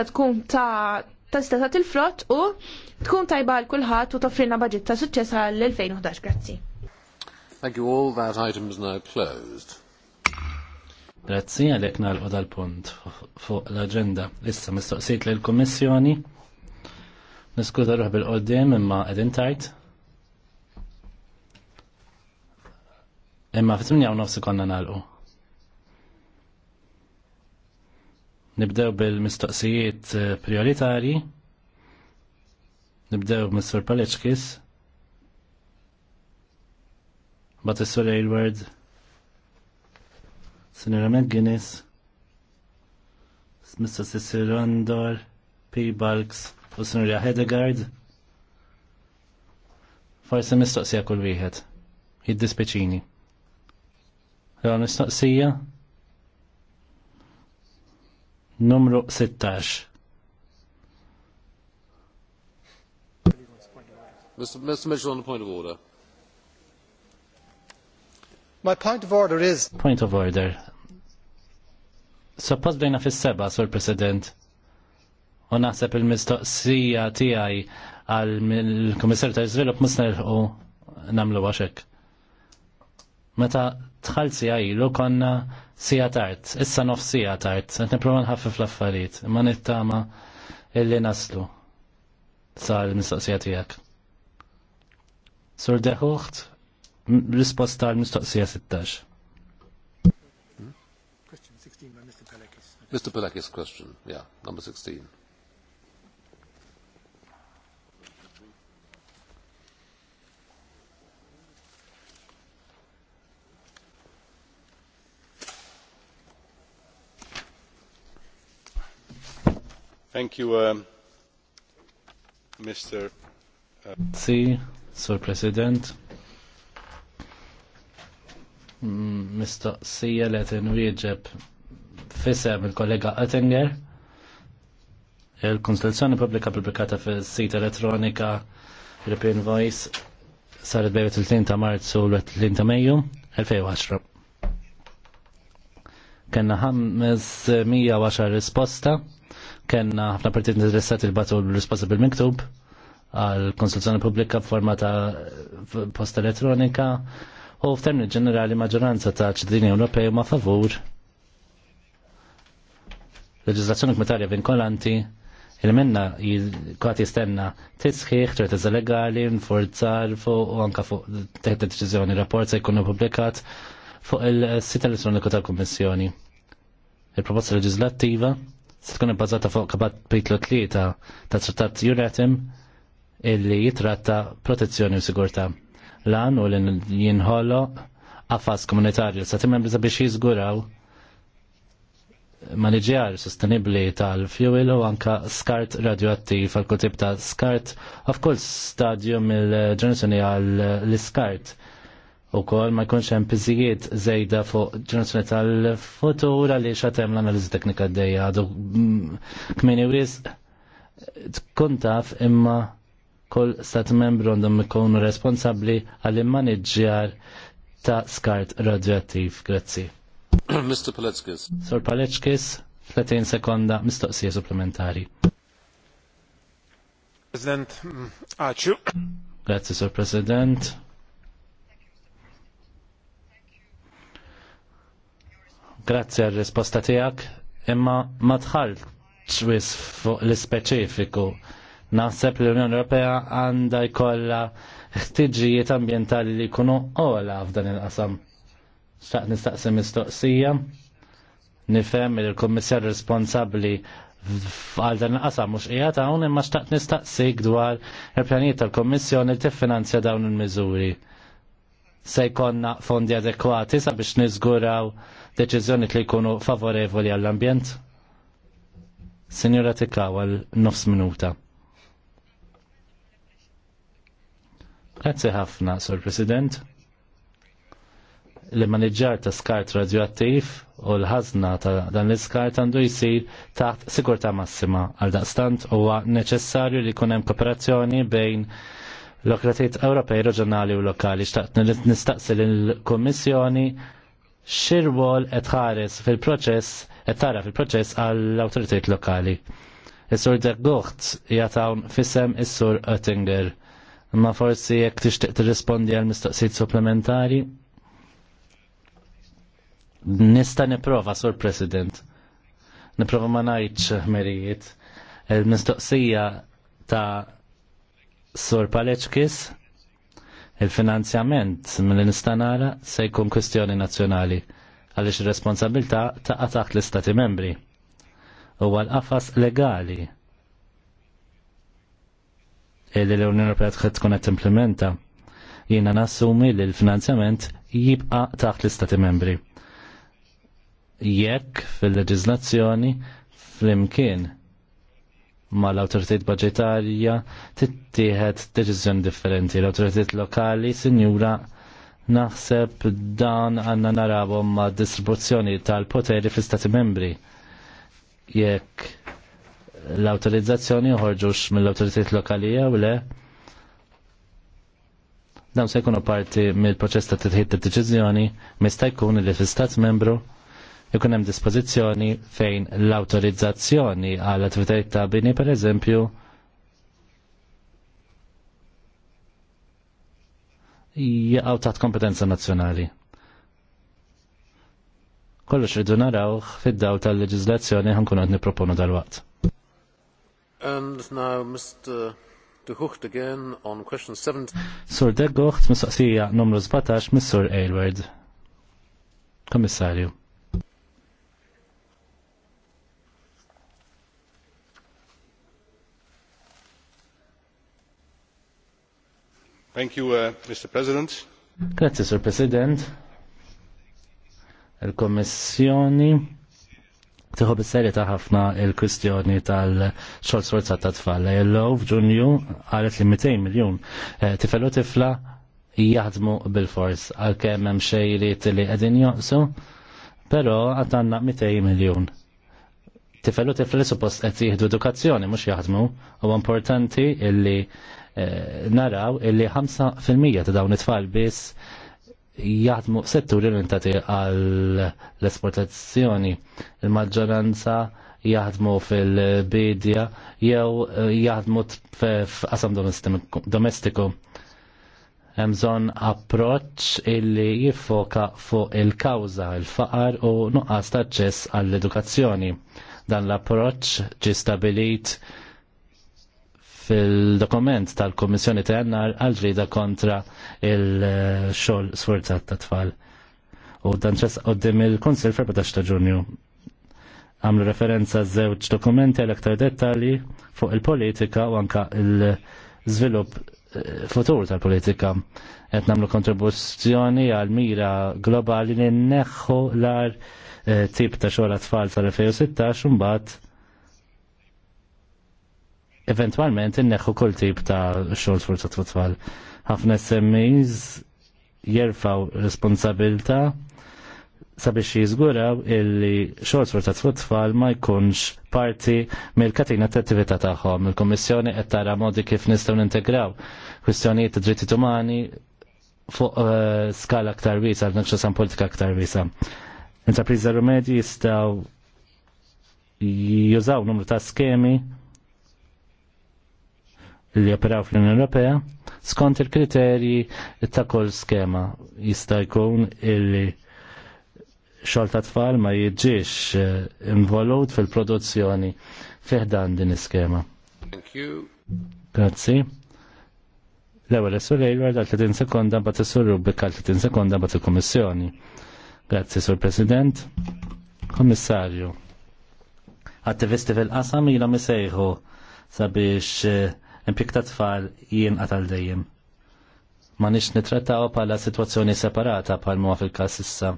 ta' tkun ta' ta' stata til frott u tkun tajba għal kulħadd u toffrina budget ta' suċċessa l 2011. Grazzi. Thank you all. That item is now closed. Grazzi għalek nalqu dal-punt fuq l-agenda. Issa mistoqsit l komissjoni Niskuta ruħ bil-qoddim imma għedin tajt. Imma fit-8 nofsi konna nalqu. Nibdew bil-mistoqsijiet eh, prioritari. Nibdew Mr. Paleckis. Bat is-sur McGuinness. Mr. Cecil Andor. P. Balks. U Sinira Hedegaard. Forse mistoqsija kull wieħed. Jiddispeċini. Ra mistoqsija? numru 16. Mr. Mitchell on the point of order. My point of order is... Point of order. Suppost so, bdejna fis-seba, Sur President, u naħseb il-mistoqsija tiegħi għal il-Kummissarju tal-Iżvilupp musnerħu nagħmlu għaxek. Meta tħalsi għajlu konna sija tart, issa nof sija tart, għet niprofa nħaffif l-affarijiet, ma nittama illi naslu sa' l-mistoqsija tijak. Sur deħuħt, risposta l-mistoqsija 16. Mr. Pelakis question, yeah, number 16. Uh, Mr. Sur President. Mm, Mistoqsija li għet nwieġeb fisem il-kollega Attinger. Il-konsultazzjoni pubblika pubblikata fis sit elettronika European Voice saret bejn il-3 ta' Marzu u l-3 ta' Mejju 2010. Kenna 510 risposta kena ħafna partit interessati li batu l-risposta bil-miktub għal konsultazzjoni pubblika f'forma ta' posta elettronika u f'termini ġenerali maġġoranza ta' ċittadini Ewropej ma' favur leġislazzjoni kmitarja vinkolanti il minna kwaħt jistenna tisħiħ, ċertezza legali, nforzar fuq u anka fuq teħt deċiżjoni rapport se jkunu publikat fuq il-sit elettroniku tal-Kommissjoni. Il-proposta leġislattiva se tkun ibbażata fuq kapitlu 3 ta' trattat Juratim illi jitratta protezzjoni u sigurtà. Lan u li jinħolo għafas komunitarju sa' timmem biex jizguraw maniġjar sostenibli tal-fuel u anka skart radioattiv għal kutib ta' skart of kull stadju mill-ġenerazzjoni għal skart u kol ma jkunx hemm piżijiet żejda fuq ġenerazzjoni tal futura li xatem l-analiżi teknika d-dejja għadu mm, kmini wis tkun taf imma kol stat membru għandhom ikunu responsabbli għall-immaniġġjar ta' skart radioattiv. Grazzi. Mr. Paleckis. Sor Paleckis, 30 sekonda mistoqsija supplementari. President, għaċu. Mm, Grazzi, Sor President. Grazzi għal risposta tijak, imma ma tħallx wis fuq l-speċifiku. Naħseb li l-Unjoni Ewropea għandha jkollha ħtiġijiet ambjentali li jkunu ola f'dan il-qasam. Xtaqt nistaqsi mistoqsija, nifhem li l-Kummissar responsabbli għal dan il-qasam mhux qiegħed hawn imma xtaqt nistaqsik dwar il-pjanijiet tal-Kommissjoni li tiffinanzja dawn il-miżuri. Se jkollna fondi adekwati sabiex niżguraw deċiżjoni li jkunu favorevoli għall-ambjent? Signora Tikaw għal nofs minuta. Grazzi ħafna, Sur President. L-maniġġar ta' skart radioattiv u l-ħazna ta' dan l-iskart għandu jisir taħt sigurta massima għal daqstant huwa neċessarju li kunem kooperazzjoni bejn l-okratiet Ewropej reġjonali u lokali. nistaqsi l-Kommissjoni xirwol qed ħares fil-proċess qed tara fil-proċess għall autoritet lokali. Is-sur Deggoħt jatawn fissem is-sur Oettinger. Ma forsi jekk tixtieq tirrispondi għal mistoqsijiet supplementari? Nista' nipprova, sur President. Nipprova ma ngħidx ħmerijiet. Il-mistoqsija ta' Sur Paleċkis Il-finanzjament mill nistanara se jkun kwestjoni nazzjonali għaliex ir-responsabilità taqa' taħt l-Istati membri. Huwa l-qafas legali li l-Unjoni Ewropea tħed tkun qed implementa. Jiena nassumi li l-finanzjament jibqa' taħt l-Istati membri. Jekk fil-leġiżlazzjoni flimkien ma l-autoritet budgetarja tittieħed deċiżjoni differenti. L-autoritet lokali, sinjura, naħseb dan għanna narabom ma' distribuzzjoni tal-poteri fl-Stati membri. Jekk l-autorizzazzjoni uħorġux mill-autoritet lokali jew le, se jkunu parti mill-proċess ta' t ta' deċiżjoni mista' jkun li fl stati membru ikun hemm dispożizzjoni fejn l-awtorizzazzjoni għall attivitajiet ta' bini pereżempju jaqgħu taħt kompetenza nazzjonali. Kollox rridu naraw fid-daw tal-leġiżlazzjoni ħankun qed nipproponu dalwaqt. And now Mr. De again on question 7. Sur De Gucht, mistoqsija numru 17, sur Aylward. Komissarju. Uh, Mr. President. Sir President. Il-Kommissjoni tiħu bis-serja ħafna il-kwistjoni tal-xol sorza ta' tfal. low f'Ġunju għalet li 200 miljon eh, tifelu tifla jaħdmu bil-fors għal hemm xejrit li qegħdin joqsu, però għatanna 200 miljon. Tifelu tifla li suppost qed jieħdu edukazzjoni mhux jaħdmu, Huwa importanti illi Eh, naraw illi 5% ta' dawn it-tfal biss jaħdmu settur orientati għall esportazzjoni Il-maġġoranza jaħdmu fil-bidja jew eh, jaħdmu f'qasam domestiku. Hemm bżonn approċċ illi jiffoka fuq il-kawża, il-faqar u nuqqas ta' aċċess għall-edukazzjoni. Dan l-approċċ ġi stabilit fil-dokument tal-Komissjoni ta' għal-ġrida kontra il-xol sforzat ta' tfal. U dan ċess għoddim il-Konsil 14 ta' ġunju. Għamlu referenza żewġ dokumenti għal aktar dettali fuq il-politika u anka il-żvilupp eh, futur tal-politika. Qed nagħmlu kontribuzzjoni għal mira globali li neħħu l-ar eh, tip ta' xogħol tfal tal-2016 u mbagħad eventualment inneħħu kull tip ta' xogħol forza tfal. Ħafna SMEs jerfaw responsabilta sabiex jiżguraw illi xogħol forza tfal ma jkunx parti mill-katina ta' attività tagħhom. Il-Kummissjoni qed tara modi kif nistgħu nintegraw kwistjonijiet ta' drittijiet umani fuq uh, skala aktar wiesa, f'naqxa politika aktar wiesa. Intrapriża rumedi jistgħu jużaw numru ta' skemi li operaw fl-Unjoni Ewropea skont il-kriterji ta' kull skema jista' jkun illi xogħol ta' tfal ma jiġix eh, involut fil-produzzjoni fiħdan din iskema. Thank you. Grazzi. L-ewwel is-sur Ejward għal 30 sekonda bat s sur għal 30 sekonda bat il-Kummissjoni. Grazzi, Sur President. Kommissarju. Attivisti fil-qasam ilhom isejħu sabiex eh, impjek ta' tfal jinqat dejjem. Ma nix nitrattaw pala situazzjoni separata pal muwa fil-kas issa.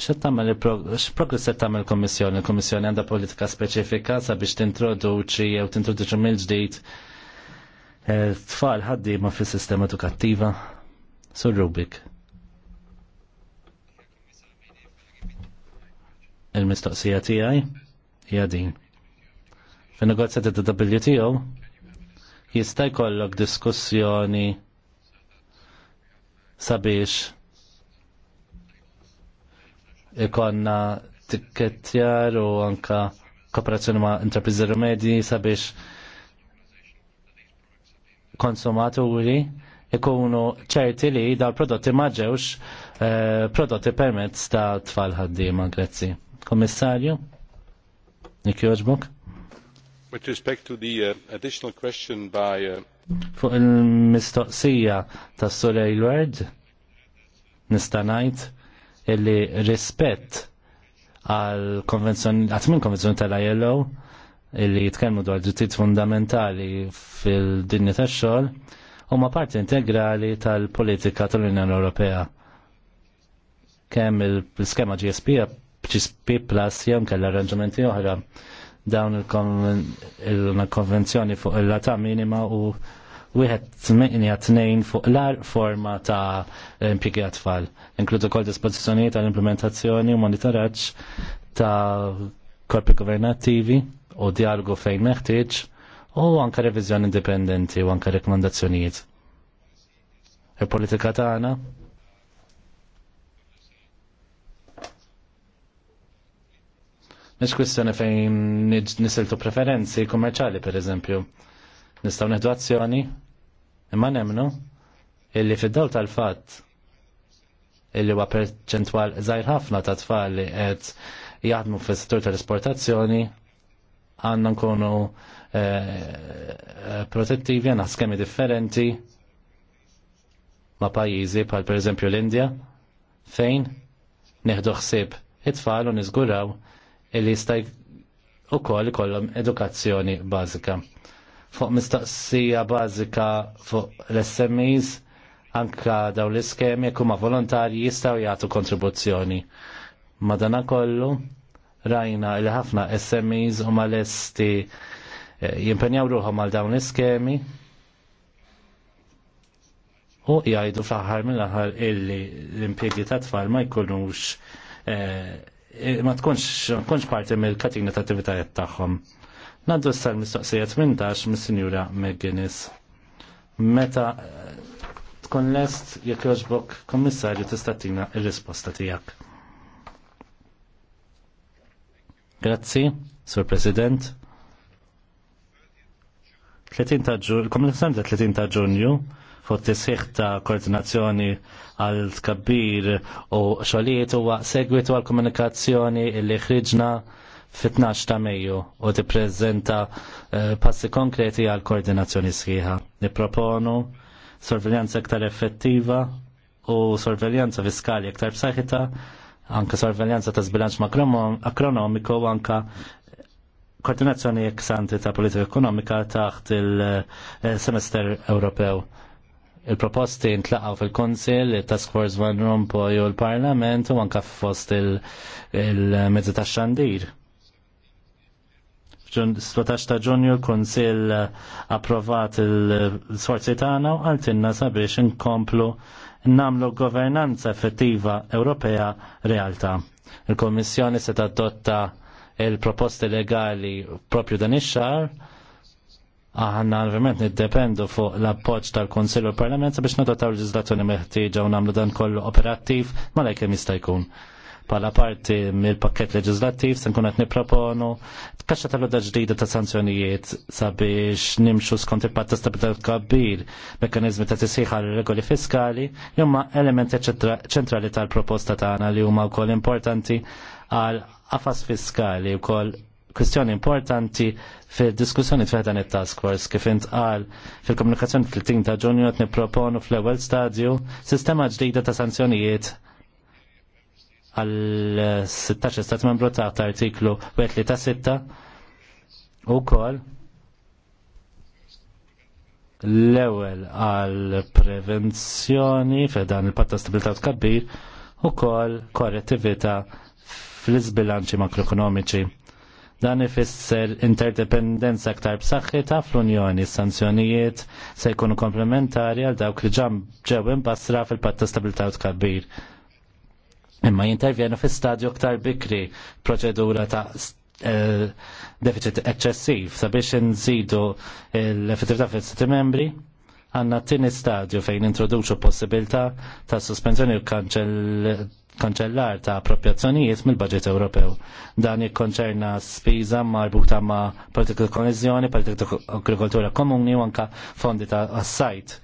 X-progress se tamel kommissjoni? Il-kommissjoni għanda politika specifika sabiex tintroduċi jew tintroduċi mill-ġdijt eh, tfal ħaddi ma fil-sistema edukattiva. Sur Rubik. il-mistoqsija tiegħi hija din. Fin-negozjat ta' WTO jista' jkollok diskussjoni sabiex ikonna tikketjar u anka kooperazzjoni ma' intrapriżi rumedji sabiex konsumaturi ikunu ċerti li dal prodotti ma ġewx eh, prodotti permezz ta' tfal ħaddiema, grazzi. Kommissarju, Nikjoġbuk? With respect to the uh, additional question by uh... Fuq il-mistoqsija ta' Soleil Word, nista' ngħid illi rispett għal konvenzjoni minn konvenzjoni tal-ILO illi jitkellmu dwar drittijiet fundamentali fil-dinja tax-xogħol huma parti integrali tal-politika tal-Unjoni Ewropea. Kemm il-skema GSP GSP Plus jew kell arranġamenti oħra dawn il-konvenzjoni fuq il-lata minima u wieħed minja tnejn fuq l-ar forma ta' impjegi għatfall. Inkludu kol dispożizzjonijiet tal-implementazzjoni u monitoraċ ta' korpi governattivi u dialogu fejn meħtieġ u anka reviżjoni indipendenti u anka rekomendazzjonijiet. Il-politika tagħna Mish kwistjoni fejn nisiltu preferenzi kummerċali, per eżempju. Nistaw neħdu azzjoni, imma nemnu, illi fid dol tal-fat, illi huwa perċentwal zaħir ħafna ta' tfal li qed jaħdmu fis-settur tal-esportazzjoni, għandna nkunu eh, eh, protettivi għandna skemi differenti ma' pajjiżi bħal per eżempju l-Indja, fejn neħdu ħsieb it-tfal u niżguraw li jista' ukoll kollom edukazzjoni bażika. Fuq mistaqsija bażika fuq l-SMEs anka daw l-iskemi kuma volontari volontarji jistgħu jagħtu kontribuzzjoni. Madanakollu rajna li ħafna SMEs huma esti eh, jimpenjaw ruħom għal dawn l-iskemi u jgħidu fl-aħħar mill-aħħar illi l impiegi ta' tfal ma jkunux eh, Eh, ma tkunx ma tkunx parti mill-katina ta' attivitajiet tagħhom. Naddu sal mistoqsijiet minn dax mis-Sinjura McGuinness. Meta eh, tkun lest jekk jogħġbok kommissarju tista' tina r-risposta tiegħek. Grazzi, Sur President. 30 ta' ġunju, il-komunikazzjoni ta' 30 ta' ġunju fuq tisħiħ ta' koordinazzjoni għal tkabbir u xogħlijiet huwa segwitu għal komunikazzjoni li ħriġna fit-12 ta' Mejju u tippreżenta eh, passi konkreti għal koordinazzjoni sħiħa. Nipproponu sorveljanza iktar effettiva u sorveljanza fiskali iktar b'saħħita, anke sorveljanza ta' zbilanċ makronomiku u anke koordinazzjoni eksanti ta' politika ekonomika taħt il-semester eh, Ewropew il-proposti ntlaqaw fil-Konsil, il-Task Force Van Rompuy u l-Parlament u anka fost il-mezzi ta' xandir. 17 ta' ġunju l-Konsil approvat il-sforzi tagħna u għaltinna sabiex inkomplu namlu governanza effettiva Ewropea realtà. Il-Kommissjoni se tadotta il-proposti legali propju dan ix xahar Aħna ovvjament niddependu fuq l-appoġġ tal kunsill u l-Parlament sabiex taw l-ġizlazzjoni meħtieġa u nagħmlu dan kollu operattiv ma lejkem jista' jkun. Pala parti mill-pakket leġislattiv se nkun qed nipproponu tkaxxa tal-oda ġdida ta' sanzjonijiet sabiex nimxu skont il-patt ta' stabilità kabbir, mekkaniżmi ta' tisħiħa għal regoli fiskali, jumma elementi ċentrali tal-proposta tagħna li huma wkoll importanti għal qafas fiskali wkoll kwestjoni importanti fil-diskussjoni dan it-task force kif intqal fil-komunikazzjoni fil-tim ta' ġunju qed nipproponu fl-ewwel stadju sistema ġdida ta' sanzjonijiet għal 16 stat membru ta' artiklu 1 ta' 6 u kol l-ewwel għal prevenzjoni f'dan il-patta stabilità tkabbir u kol korrettività fl-izbilanċi makroekonomiċi Dan ifisser interdependenza aktar b'saħħitha fl-Unjoni. Sanzjonijiet se jkunu komplementari għal dawk li ġam ġew imbasra fil ta' stabilità u tkabbir. Imma jintervjenu fi stadju aktar bikri proċedura ta' eh, deficit eċċessiv sabiex nżidu l-effettività fil-Stati membri għanna t-tini stadju fejn introduċu possibilta ta' sospensjoni u kanċell kanċellar ta' appropriazzjonijiet mill-budget Ewropew. Dan jikkonċerna spiża marbuta ma' politika koeżjoni, politika agrikoltura komuni u anka fondi ta' assajt.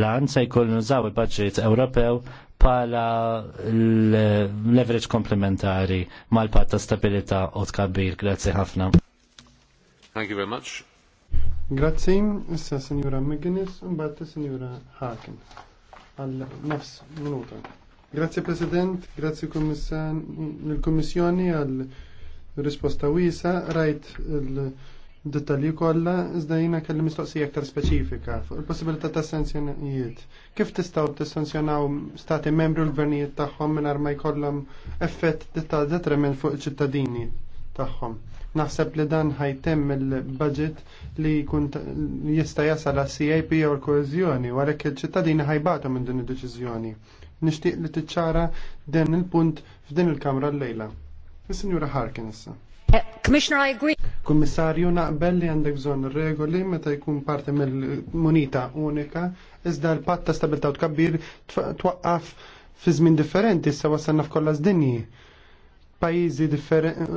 Lan se jkun nużaw il-budget Ewropew pala l-leverage komplementari mal-pat ta' stabilita u tkabbir. Grazzi ħafna. Thank you very much. Grazzi, issa Signora McGuinness, un-batta Signora Haken. Għal nafs minuta. Grazie President, grazie il kommissjoni għal risposta wisa, rajt il-dettalji kolla, iżda jina kelli mistoqsija aktar speċifika fuq il-possibilità ta' sanzjonijiet. Kif tistaw tissanzjonaw stati membri u l-gvernijiet tagħhom minn ma jkollhom effett ta' detriment fuq il-ċittadini tagħhom. Naħseb li dan ħajtem il-budget li jkun jista' jasal għas CIP u l-koeżjoni, għalhekk il-ċittadini ħajbatu minn din id-deċiżjoni nixtieq li tiċċara dan il-punt f'din il-Kamra l-lejla. Is-Sinjura issa. Eh, Commissioner, I agree. Kummissarju, naqbel li għandek zon regoli meta jkun parti mill-munita unika, iżda l patta stabilta' u tkabbir twaqqaf fi żmien differenti, issa wasanna f'kollha dinji pajizi differenti,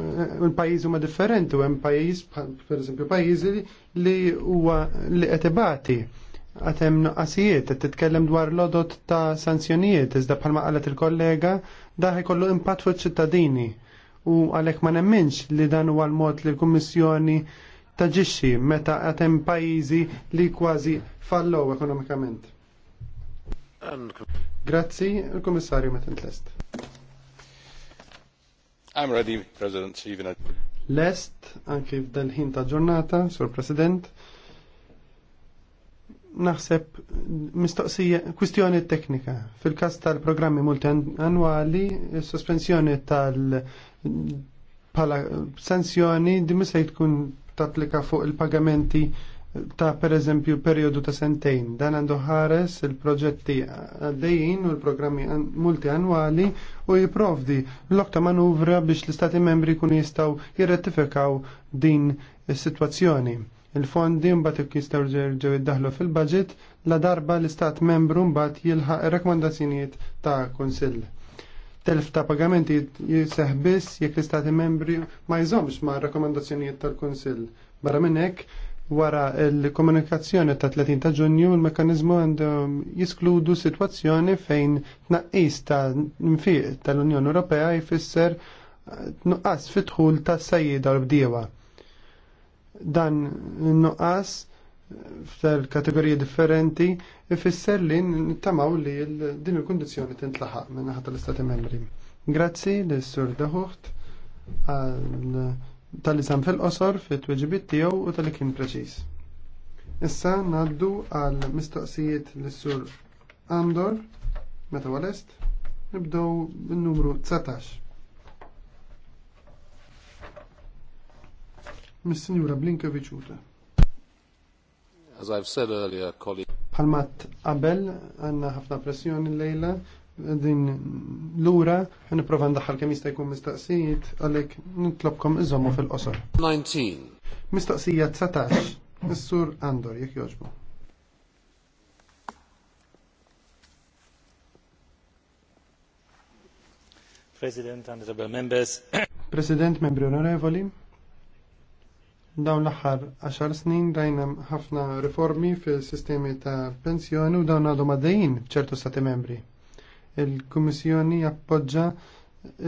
eh, pajizi huma differenti, u hemm pajiz, per eżempju, pajizi li huwa li qed ibati għatem nuqqasijiet, qed titkellem dwar lodot ta' sanzjonijiet, iżda bħalma qalet il-kollega, daħi kollu impatt fuq ċittadini. U għalek ma nemminx li dan huwa l-mod li l-Kummissjoni taġixxi meta għatem pajjiżi li kważi fallow ekonomikament. Grazzi, il-Kummissarju meta tlest. I'm ready, President Stephen. Lest, anki f'dal ħin ta' ġurnata, Sur President naħseb mistoqsija kwistjoni teknika. Fil-kas tal-programmi multiannuali, sospensjoni tal- pala sanzjoni di se tkun tapplika fuq il-pagamenti ta' per eżempju periodu ta' sentejn. Dan għandu ħares il-proġetti għaddejjin u l-programmi multiannuali u jiprovdi l-okta manuvra biex l-istati membri kun jistaw jirrettifikaw din is-sitwazzjoni Il-fondi mbagħad jistgħu jerġgħu jiddaħlu fil-budget la darba l-istat membru mbagħad jilħaq ir-rakkomandazzjonijiet ta' kunsill. Telf ta' pagamenti jiseħ biss jekk l-istati membri ma jżomx ma' rakkomandazzjonijiet tal-kunsill. Barra minn hekk, wara l-komunikazzjoni ta' 30 ta' ġunju il-mekanizmu għandhom jiskludu situazzjoni fejn tnaqqis ta' nfiq tal-Unjoni Ewropea jfisser tnuqqas fitħul ta' sajjida l-bdiewa. Dan n-nuqqas f'tal-kategoriji differenti ifisser li n-tamaw li din il-kondizjoni tintlaħaq minn ħadd l-Istati Membri. Grazzi l-Sur Daħuħt tal-li sam fil-qosor fit-tweġibit tiegħu u tal-li kien preċiż. Issa naddu għal mistoqsijiet l-Sur Andor meta walest nibdow bin-numru 19. mis-Sinjura Blinka Viċuta. As I've said earlier, colleague. Palmat Abel, għanna ħafna pressjoni l-lejla din l-ura għanna provan ndaħal kem jista' mistaqsijiet għalek nitlobkom iżommu fil-qosor. 19. Mistaqsija 19. mis sur Andor, jek joġbu. President, honorable members. President, membri onorevoli. Dawn l-aħħar 10 snin rajna ħafna riformi fil-sistemi ta' pensjoni u dawn għadhom għaddejjin ċertu stati membri. Il-Kummissjoni appoġġa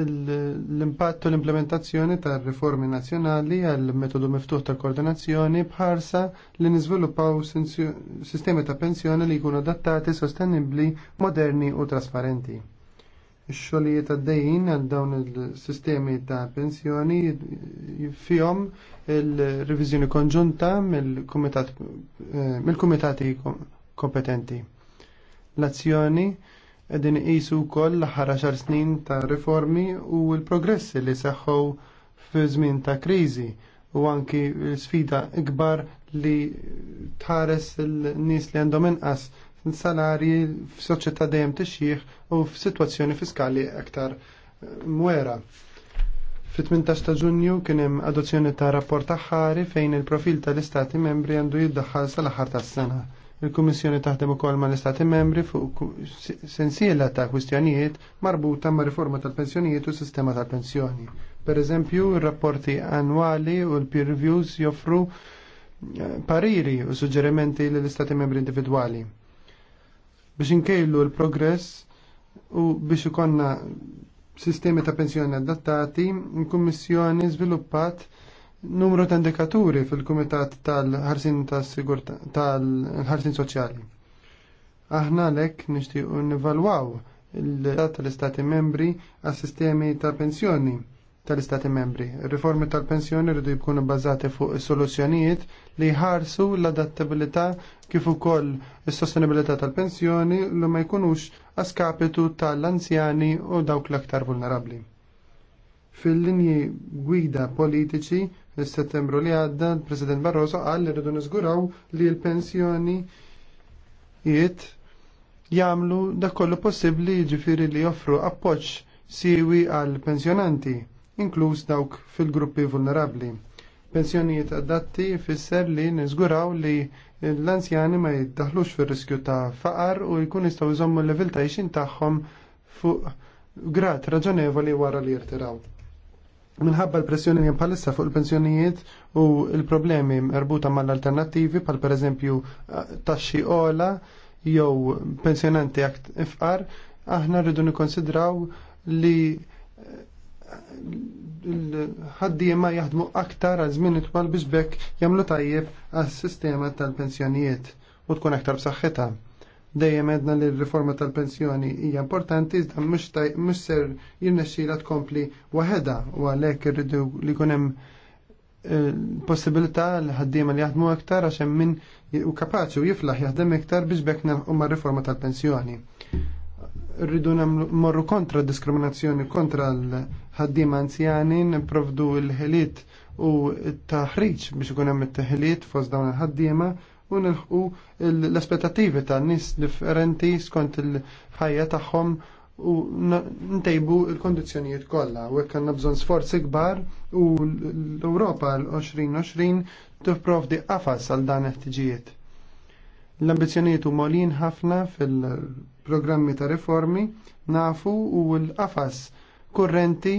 l-impatt u l-implementazzjoni ta' riformi nazzjonali għal metodu miftuħ ta' koordinazzjoni bħarsa li niżviluppaw sistemi ta' pensjoni li jkunu adattati, sostenibbli, moderni u trasparenti. Ix-xogħlijiet għaddejjin għal dawn il-sistemi ta' pensjoni fihom il-reviżjoni konġunta eh, mill-kumitati kompetenti. L-azzjoni qegħdin iqisu wkoll l-aħħar xar snin ta' riformi u l-progressi li seħħu fi żmien ta' kriżi u anki sfida ikbar li tħares il-nies li għandhom inqas f f'soċjetà dejjem tixjih u f'sitwazzjoni fiskali aktar eh, mwera. Fit-18 ta' Ġunju kien hemm adozzjoni ta' rapport aħħari fejn il-profil tal-Istati membri għandu jiddaħħal sal-aħħar tas-sena. Il-Kummissjoni taħdem ukoll mal-Istati membri fuq sensiela ta' kwistjonijiet marbuta ma' riforma tal-pensjonijiet u sistema tal-pensjoni. Per eżempju, il rapporti annwali u l-peer reviews joffru eh, pariri u suġġerimenti l istati membri individuali biex inkejlu l-progress u biex ikonna sistemi ta' pensjoni adattati, il-Kummissjoni żviluppat numru ta' indikaturi fil-Kumitat tal-ħarsin tal-ħarsin soċjali. Aħna lek nixtiequ nivalwaw il-dat tal-Istati membri għas sistemi ta' pensjoni tal-Istati membri. Riformi tal-pensjoni rridu jkunu bbażati fuq soluzzjonijiet li jħarsu l-adattabilità kif ukoll is-sostenibilità tal-pensjoni li ma jkunux għaskapitu tal-anzjani u dawk l-aktar vulnerabbli. Fil-linji gwida politiċi l-settembru li għadda, il-President Barroso qal li rridu niżguraw li l-pensjoni jiet jagħmlu dak kollu possibbli jiġifieri li joffru appoġġ siwi għal pensjonanti inkluż dawk fil-gruppi vulnerabli. Pensjonijiet adatti fisser li nizguraw li l-anzjani ma jiddaħlux fil-riskju ta' faqar u jkun jistgħu jżommu l-level ta' ixin tagħhom fuq grat raġonevoli wara li jirtiraw. Minħabba l-pressjoni li bħalissa fuq il-pensjonijiet u il-problemi erbuta mal-alternativi pal per eżempju eh, taxxi ola jew pensjonanti għakt ifqar, aħna rridu nikonsidraw li l-ħaddiema jaħdmu aktar għal żmien itwal biex bekk jagħmlu tajjeb għas-sistema tal-pensjonijiet u tkun aktar b'saħħitha. Dejjem għedna li r-riforma tal-pensjoni hija importanti iżda mhux ser jirnexxila tkompli waħedha u għalhekk irridu li jkun hemm eh, possibilità li ħaddiema li jaħdmu aktar għax hemm min u kapaċi u jiflaħ jaħdem iktar biex bekk nagħmqu riforma tal-pensjoni rridu morru kontra diskriminazzjoni kontra ħaddiema anzjani nipprovdu l-ħiliet u t-taħriġ biex ikun hemm it-teħiliet fost dawn il-ħaddiema u nilħqu l-aspettativi ta' nis differenti skont il-ħajja tagħhom u ntejbu il-kondizjonijiet kollha u hekk għandna bżonn sforzi kbar u l-Ewropa l-2020 tipprovdi qafas għal dan it-tiġijiet. L-ambizzjonijiet u molin ħafna fil-programmi ta' riformi nafu u l-qafas kurrenti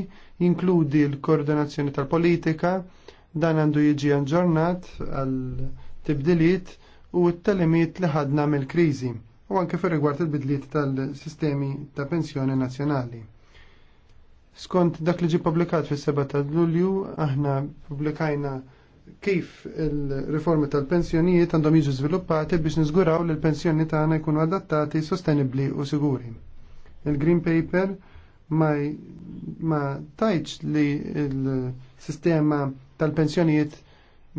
jinkludi l-koordinazzjoni tal-politika, dan għandu jiġi għanġornat għal tibdiliet u t-telemiet li ħadna mill-krizi u anke fir rigward il-bidliet tal-sistemi ta' pensjoni nazzjonali. Skont dak li ġi publikat fis-7 ta' Lulju, aħna publikajna kif il-riformi tal-pensjonijiet għandhom jiġu żviluppati biex niżguraw li l-pensjoni tagħna jkunu adattati, sostenibbli u siguri. Il-Green Paper ma, ma tajċ li il-sistema tal-pensjonijiet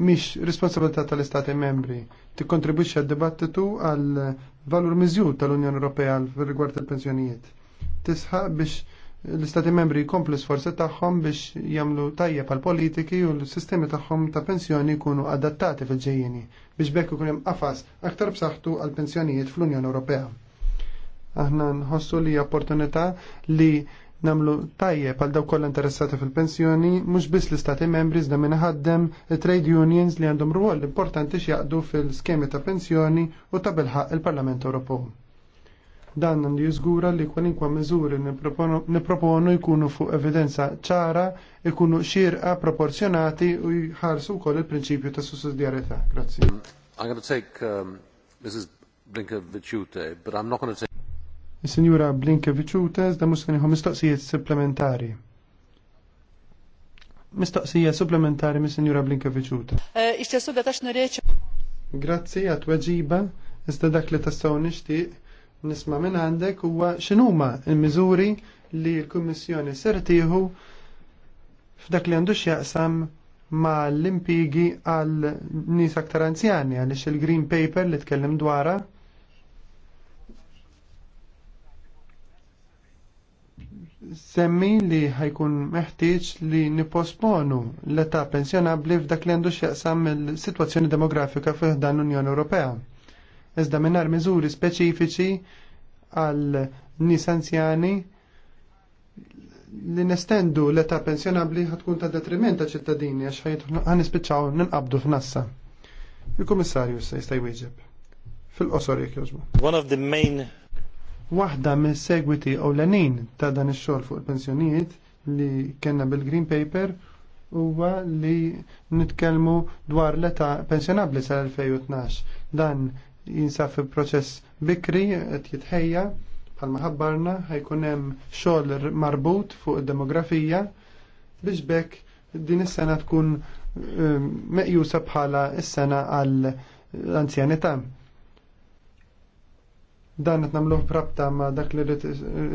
mhix responsabilità tal-Istati membri. Tikkontribwixxi għad-dibattitu għal valur miżjud tal-Unjoni Ewropea rigward il-pensjonijiet. Tisħaq biex l-Istati membri jkomplu sforzi tagħhom biex jagħmlu tajjeb għal politiki u l-sistemi tagħhom ta' pensjoni jkunu adattati fil-ġejjeni biex bekk ikun hemm qafas aktar b'saħħtu għal pensjonijiet fl-Unjoni Ewropea. Aħna nħossu li opportunità li namlu tajjeb għal daw kollha interessati fil-pensjoni mhux biss l-istati membri zda minna ħaddem trade unions li għandhom rwol importanti x'jaqdu fil-skemi ta' pensjoni u ta' bilħaq il-Parlament Ewropew. Dan għandu jizgura li kwalinkwa miżuri nipproponu jkunu fuq evidenza ċara, jkunu xirqa proporzjonati u jħarsu wkoll il-prinċipju ta' sussidjarjetà. Grazie. I'm going to take um, Mrs. Blinker-Vichute, but I'm not going to take il sinjura Blinke Utes da mhux kien mistoqsijiet supplementari. Mistoqsija supplementari mis-Sinjura Blinkeviċ Utes. Eh, Ixtiesu da taċna reċa. Grazzi għat weġiba, iżda dak li tassaw nixtieq nisma' minn għandek huwa x'inhuma l-miżuri li l-Kummissjoni sertiħu f'dak li għandux jaqsam ma l-impigi għal nis aktar anzjani għalix il-Green Paper li tkellem dwara semmi li ħajkun meħtieġ li niposponu l-età pensjonabli f'dak li għandu x'jaqsam mill-sitwazzjoni demografika fih dan l-Unjoni Ewropea. Iżda minnar miżuri speċifiċi għal nis anzjani li nestendu l-età pensjonabli ħatkun ta' detriment ta' ċittadini għax ħanispiċċaw ninqabdu f'nassa. Il-Kummissarju se jista' jwieġeb. Fil-qosor jekk One of the main Waħda mis segwiti ewlenin ta' dan ix-xogħol fuq il-pensjonijiet li kellna bil-Green Paper huwa li nitkellmu dwar l-età pensjonabbli sal-2012. Dan jinsab fi proċess bikri qed jitħejja bħalma ħabbarna ħajkun hemm xogħol marbut fuq id-demografija biex bekk din is-sena tkun eh, meqjusa bħala is-sena għall-anzjanità. Dan qed nagħmlu prabta ma' dak li rid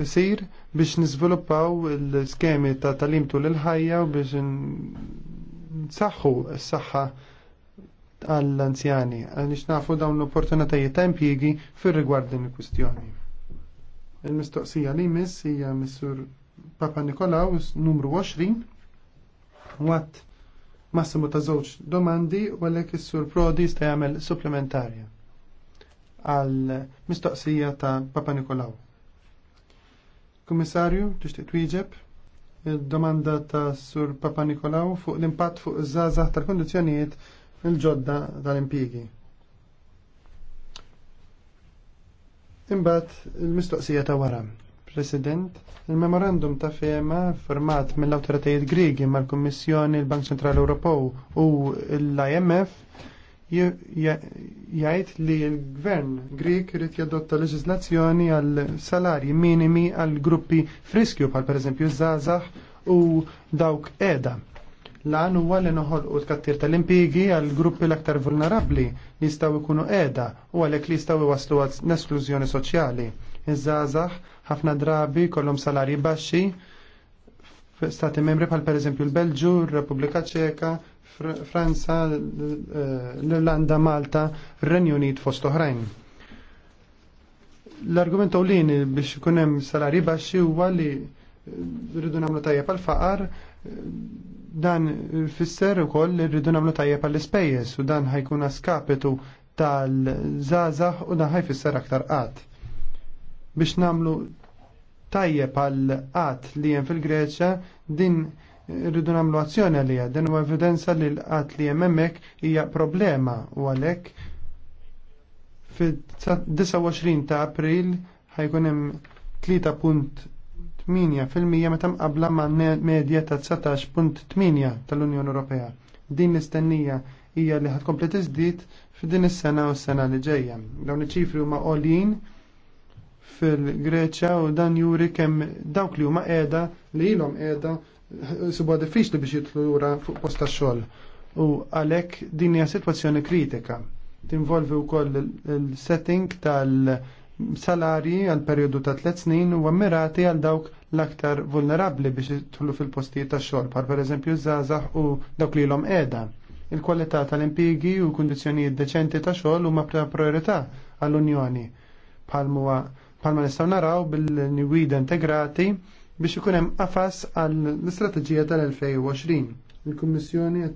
isir biex niżviluppaw l-skemi ta' talimtu tul il-ħajja u biex nsaħħu s-saħħa għall-anzjani għaliex nafu dawn l-opportunitajiet ta' impjiegi fir-rigward din il-kwistjoni. Il-mistoqsija li miss hija Missur Papa Nikolaw numru 20 Watt massimu ta' żewġ domandi u għalhekk is-sur Prodi jista' jagħmel supplementarja għal mistoqsija ta' Papa Nikolaw. Kummissarju, tixtieq twieġeb il-domanda ta' Sur Papa Nikolaw fuq l-impatt fuq iż-żgħażagħ tal-kondizzjonijiet il-ġodda tal-impjiegi. Imbagħad il-mistoqsija ta' wara. President, il-memorandum ta' fema format mill-awtoritajiet Griegi mal-Kummissjoni, il-Bank Ċentrali Ewropew u l-IMF jgħid li l-gvern Grik rrit jadotta leġiżlazzjoni għal salari minimi għal gruppi friskju bħal pereżempju żgħażagħ u dawk qiegħda. Lan huwa li noħolqu tkattir tal-impigi għal gruppi l-aktar vulnerabbli li jistgħu jkunu qiegħda u għalhekk li jistgħu waslu għal nesklużjoni soċjali. Iż-żgħażagħ ħafna drabi kollhom salarji baxxi stati membri per eżempju l-Belġu, r-Repubblika Ċeka, Franza, eh, l-Irlanda, Malta, Renju Unit fost oħrajn. L-argument ewlieni biex ikun hemm salari baxxi huwa li rridu nagħmlu tajjeb pal faqar dan fisser ukoll li rridu nagħmlu tajjeb għall ispejjeż u dan ħajkun skapitu tal-żgħażagħ u dan ħajfisser aktar qatt. Biex nagħmlu tajjeb għal qatt li hemm fil-Greċja din rridu nagħmlu azzjoni għalija, din huwa evidenza li l-qatt li hemm hemmhekk hija problema u għalhekk fid-29 ta' April ħajkun hemm 3.8% fil-mija meta mqabbla ma' medja ta' 19.8 tal-Unjoni Ewropea. Din l-istennija hija li ħadkompli tiżdied f'din is-sena u s-sena li ġejja. Dawn iċ-ċifri huma qolin fil-Greċja u dan juri kemm dawk li huma qiegħda li ilhom qiegħda suba diffiċli biex jitlu lura fuq posta xogħol. U għalhekk din hija sitwazzjoni kritika. Tinvolvi wkoll il-setting tal-salari għal perjodu ta' tliet snin u ammirati għal dawk l-aktar vulnerabbli biex jitlu fil-postijiet ta' xogħol, par pereżempju zazax u dawk li l-om qiegħda il-kwalità tal-impigi u kundizzjonijiet deċenti ta' xogħol huma priorità għall-Unjoni. Palma nistgħu naraw bil-niwida integrati biex ikun hemm qafas għal l-istrateġija tal-2020. Il-Kummissjoni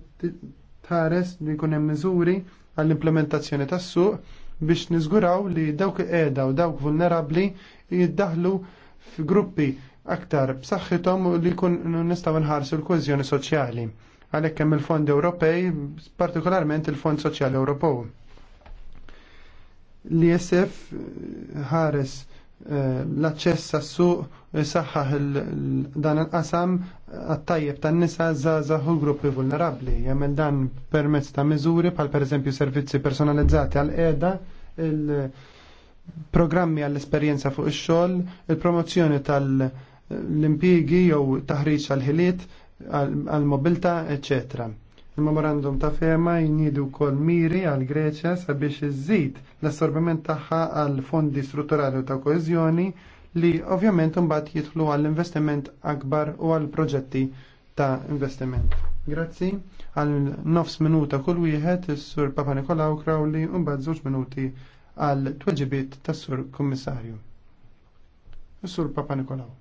tħares li jkun hemm miżuri għall-implementazzjoni tas-suq biex niżguraw li dawk qiegħda u dawk vulnerabbli jiddaħlu f'gruppi aktar b'saħħithom u li jkun nistgħu nħarsu l-kohezjoni soċjali għalhekk hemm il-Fond Ewropej, partikolarment il-Fond Soċjali Ewropew. L-ISF ħares l-aċċess għas-suq saħħaħ dan il-qasam għat-tajjeb tan-nisa żgħażagħ u gruppi vulnerabbli. Jagħmel dan permezz ta' miżuri bħal pereżempju servizzi personalizzati għal qiegħda il-programmi għall-esperjenza fuq ix-xogħol, il-promozzjoni tal impjiegi jew taħriġ għal ħiliet għal-mobilta, eccetera. Il-memorandum ta' fema jnidu kol miri għal Greċja sabiex iżid l-assorbiment tagħha għal fondi strutturali ta' koeżjoni li ovvjament mbagħad jidħlu għall investiment akbar u għall proġetti ta' investiment. Grazzi għal nofs minuta kull wieħed is-Sur Papa Nikolaw Krawli u mbagħad żewġ minuti għal tweġibiet tas-Sur Kummissarju. Is-Sur Papa Nikolaw.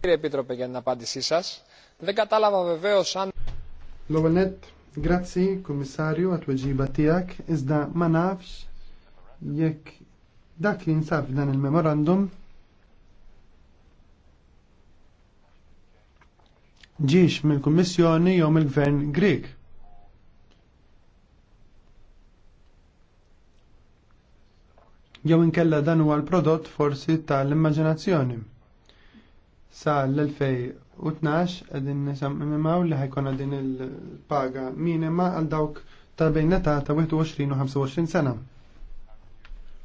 Κύριε Επίτροπε, για δεν κατάλαβα βεβαίως αν... L-ewwel grazzi Kummissarju għat weġiba tiegħek, iżda ma nafx jekk dak li nsaf dan il-memorandum ġiex mill-Kummissjoni jew mill-Gvern Grek. Jew inkella dan huwa l-prodott forsi tal-immaġinazzjoni. Sa l elfej u 12 għedin nisammimaw li ħajkon għadin il-paga minima għal dawk ta' bejn ta' 21 u 25 sena.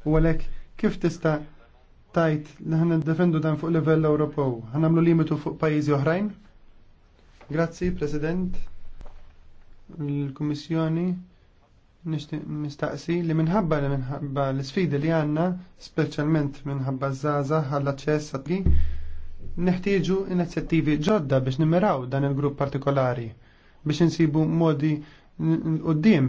U għalek kif tista' tajt li ħan defendu dan fuq livell Ewropew, ħan għamlu limitu fuq pajjiżi oħrajn? Grazzi, President, l-Kummissjoni nistaqsi li minħabba li minħabba l-sfidi li għanna, specialment minħabba z-zaza għall-aċċess għadgi, Neħtieġu inizjattivi ġodda biex nimmiraw dan il-grupp partikolari biex insibu modi qoddim.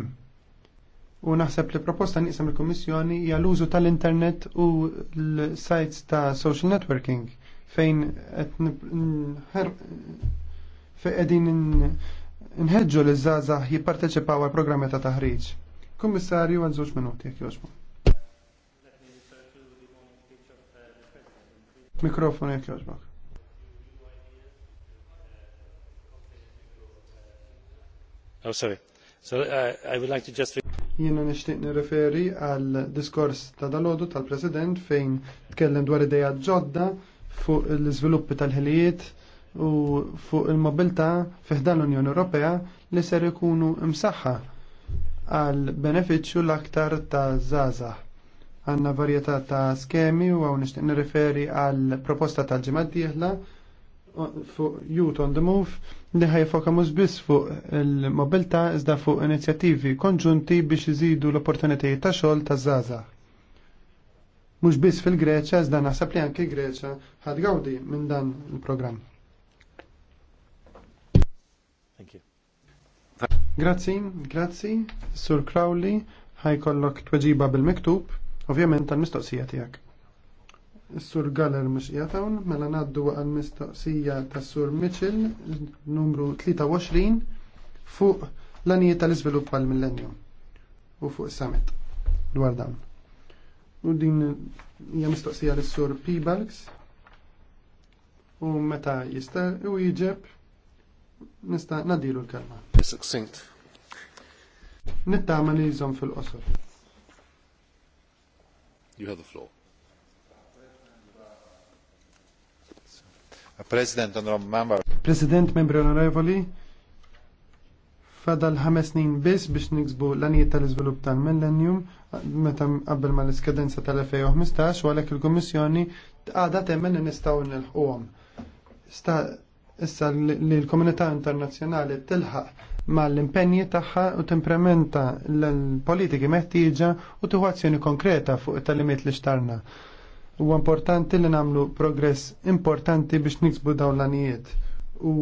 U naħseb li proposta niqsam il komissjoni hija l-użu tal-internet u l-sites ta' social networking fejn qed qegħdin nħeġġu l-żgħażagħ jipparteċipaw għal programmi ta' taħriġ. Kummissarju għal żewġ minuti jekk jogħġbu. Mikrofon jek joġbak. Oh, sorry. So uh, I would like to just... Jiena nishtiq nirreferi għal diskors ta' dalodu tal-President fejn tkellem dwar ideja ġodda fuq l-izviluppi tal ħelijiet u fuq il-mobilta fiħdan l-Unjoni Ewropea li ser ikunu imsaħħa għal beneficju l-aktar ta' zazah. Għanna varjetà ta' skemi u għaw nishtiq nirriferi għal proposta tal-ġimgħa d-dieħla fuq Youth on the Move li ħajfoka mhux biss fuq il-mobilità iżda fuq inizjattivi konġunti biex iżidu l-opportunitajiet ta' xogħol ta' żgħażagħ. Mhux biss fil-Greċja iżda naħseb li anke Greċja ħad gawdi minn dan il-programm. Thank you. Grazzi, grazzi, Sur Crowley, kollok tweġiba bil-miktub. Ovvjament tal-mistoqsija tiegħek. Is-Sur Galler mhux jatawn, mela ngħaddu għall-mistoqsija tas-Sur Mitchell numru 23 fuq l-anijiet tal-iżvilupp għall-millennium u fuq summit dwar dan. U din hija mistoqsija lis-Sur P. Balks u meta jista' u jiġeb nista' nadilu l-kelma. Nittama li jżomm fil-qosor. You have the floor. President, Honorable Member. President, Membri Onorevoli, fadal ħames snin biss biex niksbu l-anijiet tal-iżvilupp tal-millennium meta qabel ma l-iskadenza tal-2015 u għalhekk il-Kummissjoni għadha temmen li nistgħu nilħquhom. Issa li l-komunità internazzjonali tilħaq mal-impenji tagħha u timplementa l-politiki meħtieġa u tuħazzjoni azzjoni konkreta fuq it-talimiet li xtarna. Huwa importanti li nagħmlu progress importanti biex niksbu dawn l-anijiet u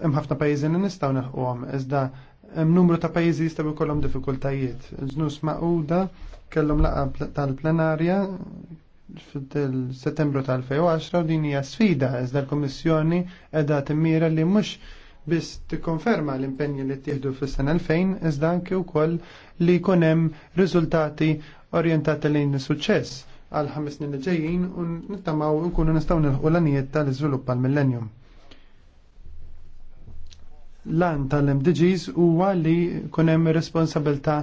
hemm ħafna pajjiżi li nistgħu naħquhom iżda hemm numru ta' pajjiżi jistgħu jkollhom diffikultajiet. Znus maquda kellhom laqgħa tal-plenarja fil-Settembru tal-2010 u din hija sfida iżda l-Kummissjoni qiegħda timmira li mhux biss tikkonferma l-impenji li tieħdu fis-sena 2000 iżda anke wkoll li jkun hemm riżultati orjentati lejn is-suċċess għal ħames snin li ġejjin u nittamaw nkunu nistgħu nilħu l-anijiet tal-iżvilupp għall-millennium. Lan tal-MDGs huwa li jkun hemm responsabilità